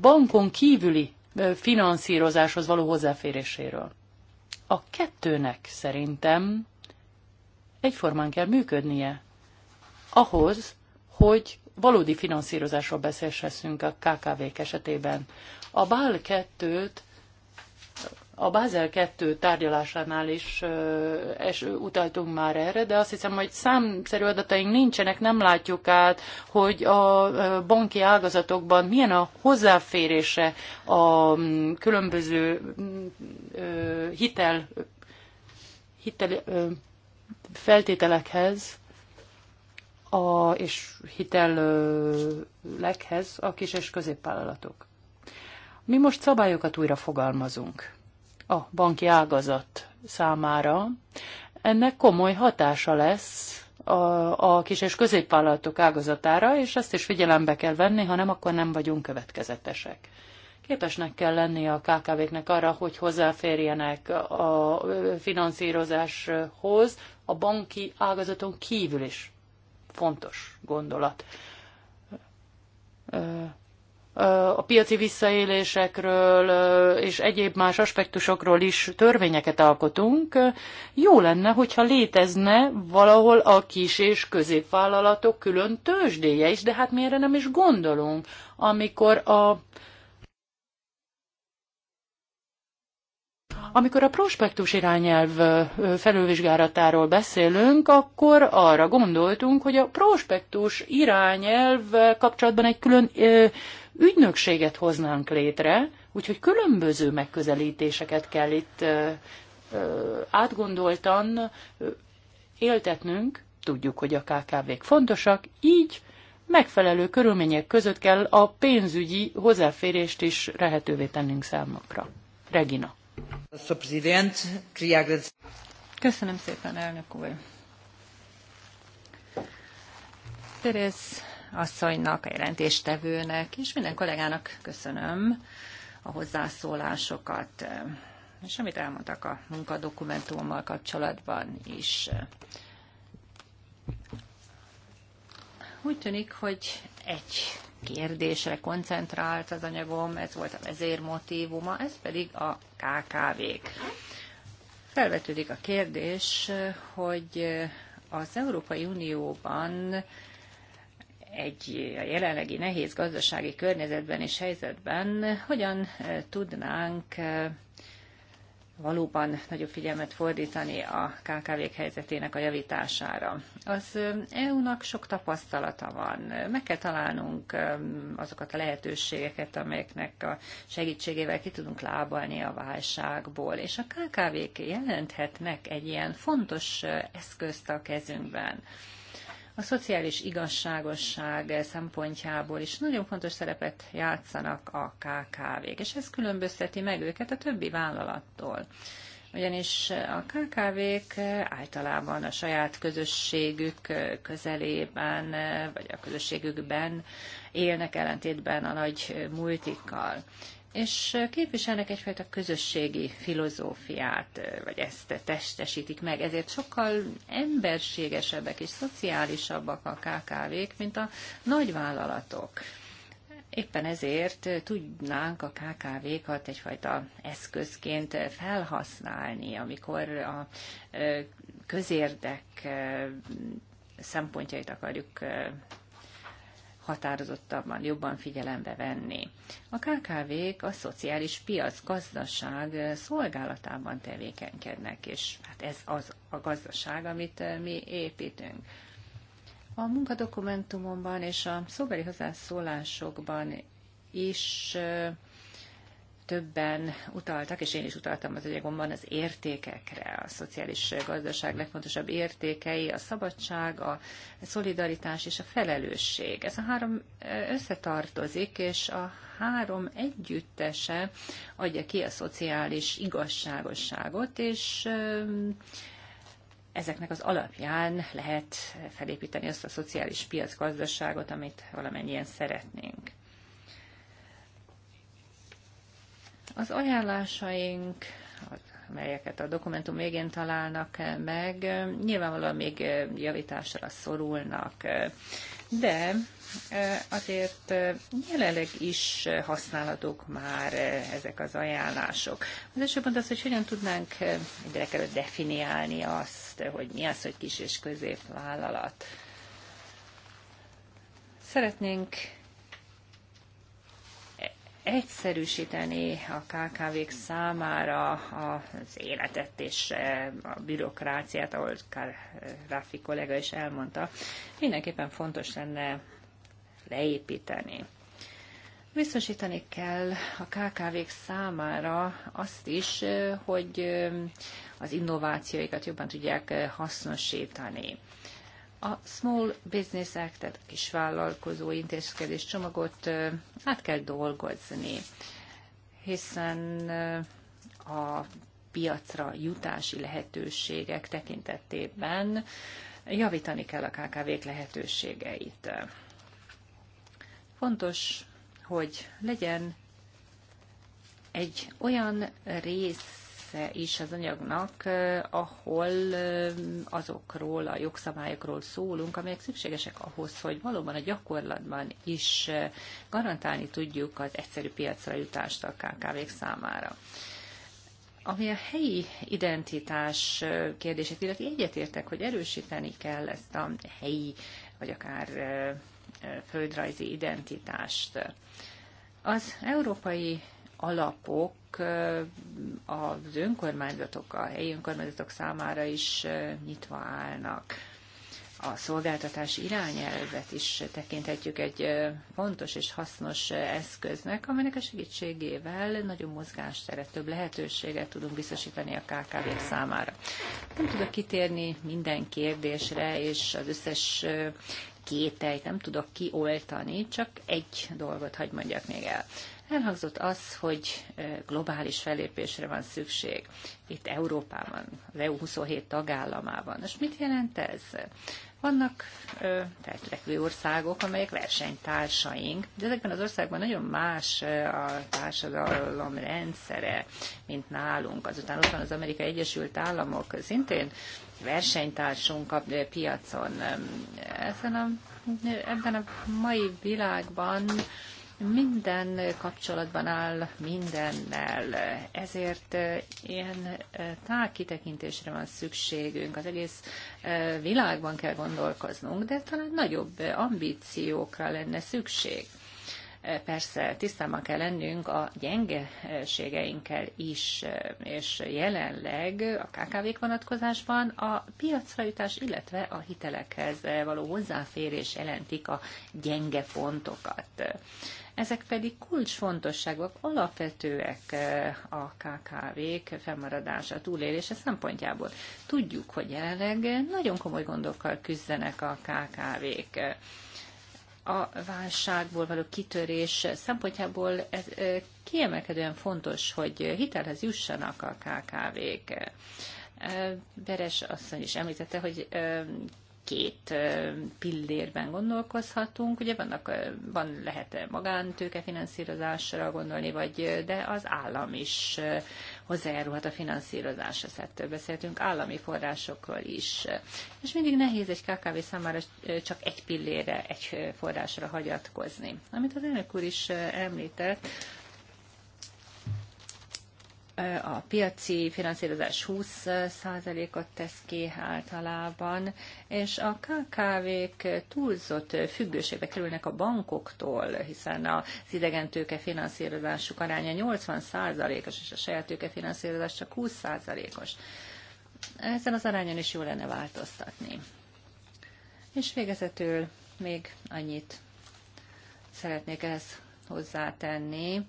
bankon kívüli finanszírozáshoz való hozzáféréséről. A kettőnek szerintem egyformán kell működnie ahhoz, hogy valódi finanszírozásról beszélhessünk a KKV-k esetében. A BAL 2-t a Bázel 2 tárgyalásánál is es, utaltunk már erre, de azt hiszem, hogy számszerű adataink nincsenek, nem látjuk át, hogy a banki ágazatokban milyen a hozzáférése a mm, különböző mm, hitel, hitel feltételekhez, a, és hitellekhez a kis és középvállalatok. Mi most szabályokat újra fogalmazunk a banki ágazat számára. Ennek komoly hatása lesz a, a kis és középvállalatok ágazatára, és ezt is figyelembe kell venni, ha nem, akkor nem vagyunk következetesek. Képesnek kell lenni a KKV-knek arra, hogy hozzáférjenek a finanszírozáshoz, a banki ágazaton kívül is fontos gondolat a piaci visszaélésekről és egyéb más aspektusokról is törvényeket alkotunk, jó lenne, hogyha létezne valahol a kis és középvállalatok külön tőzsdéje is, de hát mi erre nem is gondolunk, amikor a Amikor a prospektus irányelv felülvizsgálatáról beszélünk, akkor arra gondoltunk, hogy a prospektus irányelv kapcsolatban egy külön ügynökséget hoznánk létre, úgyhogy különböző megközelítéseket kell itt átgondoltan éltetnünk. Tudjuk, hogy a KKV-k fontosak, így megfelelő körülmények között kell a pénzügyi hozzáférést is lehetővé tennünk számokra. Regina. Köszönöm szépen, elnök úr. Terész asszonynak, a jelentéstevőnek és minden kollégának köszönöm a hozzászólásokat, és amit elmondtak a munkadokumentummal kapcsolatban is. Úgy tűnik, hogy egy kérdésre koncentrált az anyagom, ez volt a vezérmotívuma, ez pedig a KKV-k. Felvetődik a kérdés, hogy az Európai Unióban egy a jelenlegi nehéz gazdasági környezetben és helyzetben hogyan eh, tudnánk eh, valóban nagyobb figyelmet fordítani a KKV-k helyzetének a javítására. Az EU-nak sok tapasztalata van. Meg kell találnunk azokat a lehetőségeket, amelyeknek a segítségével ki tudunk lábalni a válságból, és a KKV-k jelenthetnek egy ilyen fontos eszközt a kezünkben a szociális igazságosság szempontjából is nagyon fontos szerepet játszanak a KKV-k, és ez különbözteti meg őket a többi vállalattól ugyanis a KKV-k általában a saját közösségük közelében, vagy a közösségükben élnek ellentétben a nagy multikkal és képviselnek egyfajta közösségi filozófiát, vagy ezt testesítik meg, ezért sokkal emberségesebbek és szociálisabbak a KKV-k, mint a nagyvállalatok. Éppen ezért tudnánk a KKV-kat egyfajta eszközként felhasználni, amikor a közérdek szempontjait akarjuk határozottabban, jobban figyelembe venni. A KKV-k a szociális piac gazdaság eh, szolgálatában tevékenykednek, és hát ez az a gazdaság, amit eh, mi építünk. A munkadokumentumomban és a szóbeli hozzászólásokban is eh, többen utaltak, és én is utaltam az anyagomban az értékekre, a szociális gazdaság legfontosabb értékei, a szabadság, a szolidaritás és a felelősség. Ez a három összetartozik, és a három együttese adja ki a szociális igazságosságot, és ezeknek az alapján lehet felépíteni azt a szociális piacgazdaságot, amit valamennyien szeretnénk. Az ajánlásaink, melyeket a dokumentum végén találnak meg, nyilvánvalóan még javításra szorulnak, de azért jelenleg is használhatók már ezek az ajánlások. Az első pont az, hogy hogyan tudnánk egyre definiálni azt, hogy mi az, hogy kis és középvállalat. Szeretnénk egyszerűsíteni a KKV-k számára az életet és eh, a bürokráciát, ahogy Rafi kollega is elmondta, mindenképpen fontos lenne leépíteni. Biztosítani kell a KKV-k számára azt is, eh, hogy eh, az innovációikat jobban tudják hasznosítani. A Small Business Act, tehát a kisvállalkozó intézkedés csomagot át kell dolgozni, hiszen a piacra jutási lehetőségek tekintetében javítani kell a KKV-k lehetőségeit. Fontos, hogy legyen egy olyan rész része is az anyagnak, ahol azokról a jogszabályokról szólunk, amelyek szükségesek ahhoz, hogy valóban a gyakorlatban is garantálni tudjuk az egyszerű piacra jutást a KKV-k számára. Ami a helyi identitás kérdését illeti, egyetértek, hogy erősíteni kell ezt a helyi, vagy akár földrajzi identitást. Az Európai alapok az önkormányzatok, a helyi önkormányzatok számára is nyitva állnak. A szolgáltatás irányelvet is tekinthetjük egy fontos és hasznos eszköznek, amelynek a segítségével nagyobb mozgásteret, több lehetőséget tudunk biztosítani a kkv számára. Nem tudok kitérni minden kérdésre, és az összes kételyt nem tudok kioltani, csak egy dolgot hagy mondjak még el. Elhangzott az, hogy globális felépésre van szükség itt Európában, az EU 27 tagállamában. És mit jelent ez? Vannak feltörekvő országok, amelyek versenytársaink, de ezekben az országban nagyon más a társadalom rendszere, mint nálunk. Azután ott van az Amerikai Egyesült Államok, szintén versenytársunk a piacon. Ezen a, ebben a mai világban minden kapcsolatban áll mindennel, ezért eh, ilyen eh, kitekintésre van szükségünk, az egész eh, világban kell gondolkoznunk, de talán nagyobb ambíciókra lenne szükség. Persze tisztában kell lennünk a gyengeségeinkkel is, és jelenleg a KKV-k vonatkozásban a piacra jutás, illetve a hitelekhez való hozzáférés jelentik a gyenge pontokat ezek pedig kulcsfontosságúak, alapvetőek eh, a KKV-k felmaradása, túlélése szempontjából. Tudjuk, hogy jelenleg nagyon komoly gondokkal küzdenek a KKV-k a válságból való kitörés szempontjából ez eh, kiemelkedően fontos, hogy hitelhez jussanak a KKV-k. Eh, Beres asszony is említette, hogy két pillérben gondolkozhatunk. Ugye vannak, van lehet magántőke finanszírozásra gondolni, vagy de az állam is hozzájárulhat a finanszírozásra, szettől hát beszéltünk állami forrásokról is. És mindig nehéz egy KKV számára csak egy pillére, egy forrásra hagyatkozni. Amit az elnök úr is említett, a piaci finanszírozás 20%-ot tesz ki általában, és a KKV-k túlzott függőségbe kerülnek a bankoktól, hiszen az idegen tőke finanszírozásuk aránya 80%-os, és a saját tőke finanszírozás csak 20%-os. Ezen az arányon is jó lenne változtatni. És végezetül még annyit szeretnék ehhez hozzátenni,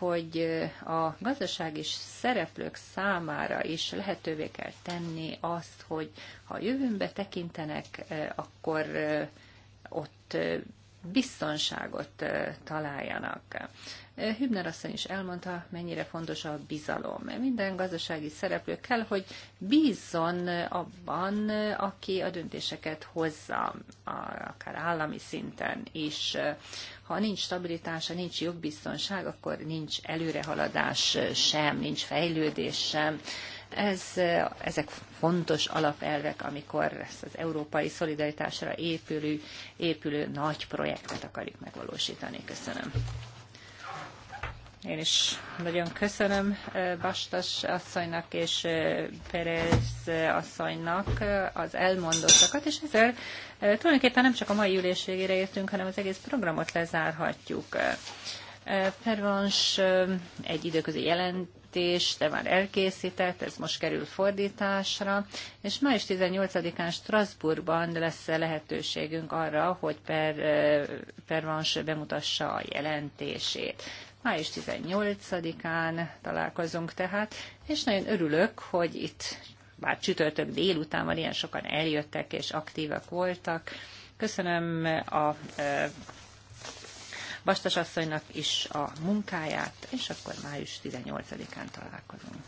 hogy a gazdasági szereplők számára is lehetővé kell tenni azt, hogy ha a jövőnbe tekintenek, akkor ott biztonságot találjanak. Hübner asszony is elmondta, mennyire fontos a bizalom. Minden gazdasági szereplő kell, hogy bízzon abban, aki a döntéseket hozza, akár állami szinten is. Ha nincs stabilitása, nincs jogbiztonság, akkor nincs előrehaladás sem, nincs fejlődés sem. Ez, ezek fontos alapelvek, amikor ezt az európai szolidaritásra épülő, épülő nagy projektet akarjuk megvalósítani. Köszönöm. Én is nagyon köszönöm eh, Bastas asszonynak és eh, Perez asszonynak eh, az elmondottakat, és ezzel tulajdonképpen nem csak a mai ülés végére értünk, hanem az egész programot lezárhatjuk. Pervans egy időközi jelent jelentés, de már elkészített, ez most kerül fordításra, és május 18-án Strasbourgban lesz -e lehetőségünk arra, hogy per, eh, Pervans bemutassa a jelentését. Május 18-án találkozunk tehát, és nagyon örülök, hogy itt bár csütörtök délután van, ilyen sokan eljöttek és aktívak voltak. Köszönöm a eh, Bastas asszonynak is a munkáját, és akkor május 18-án találkozunk.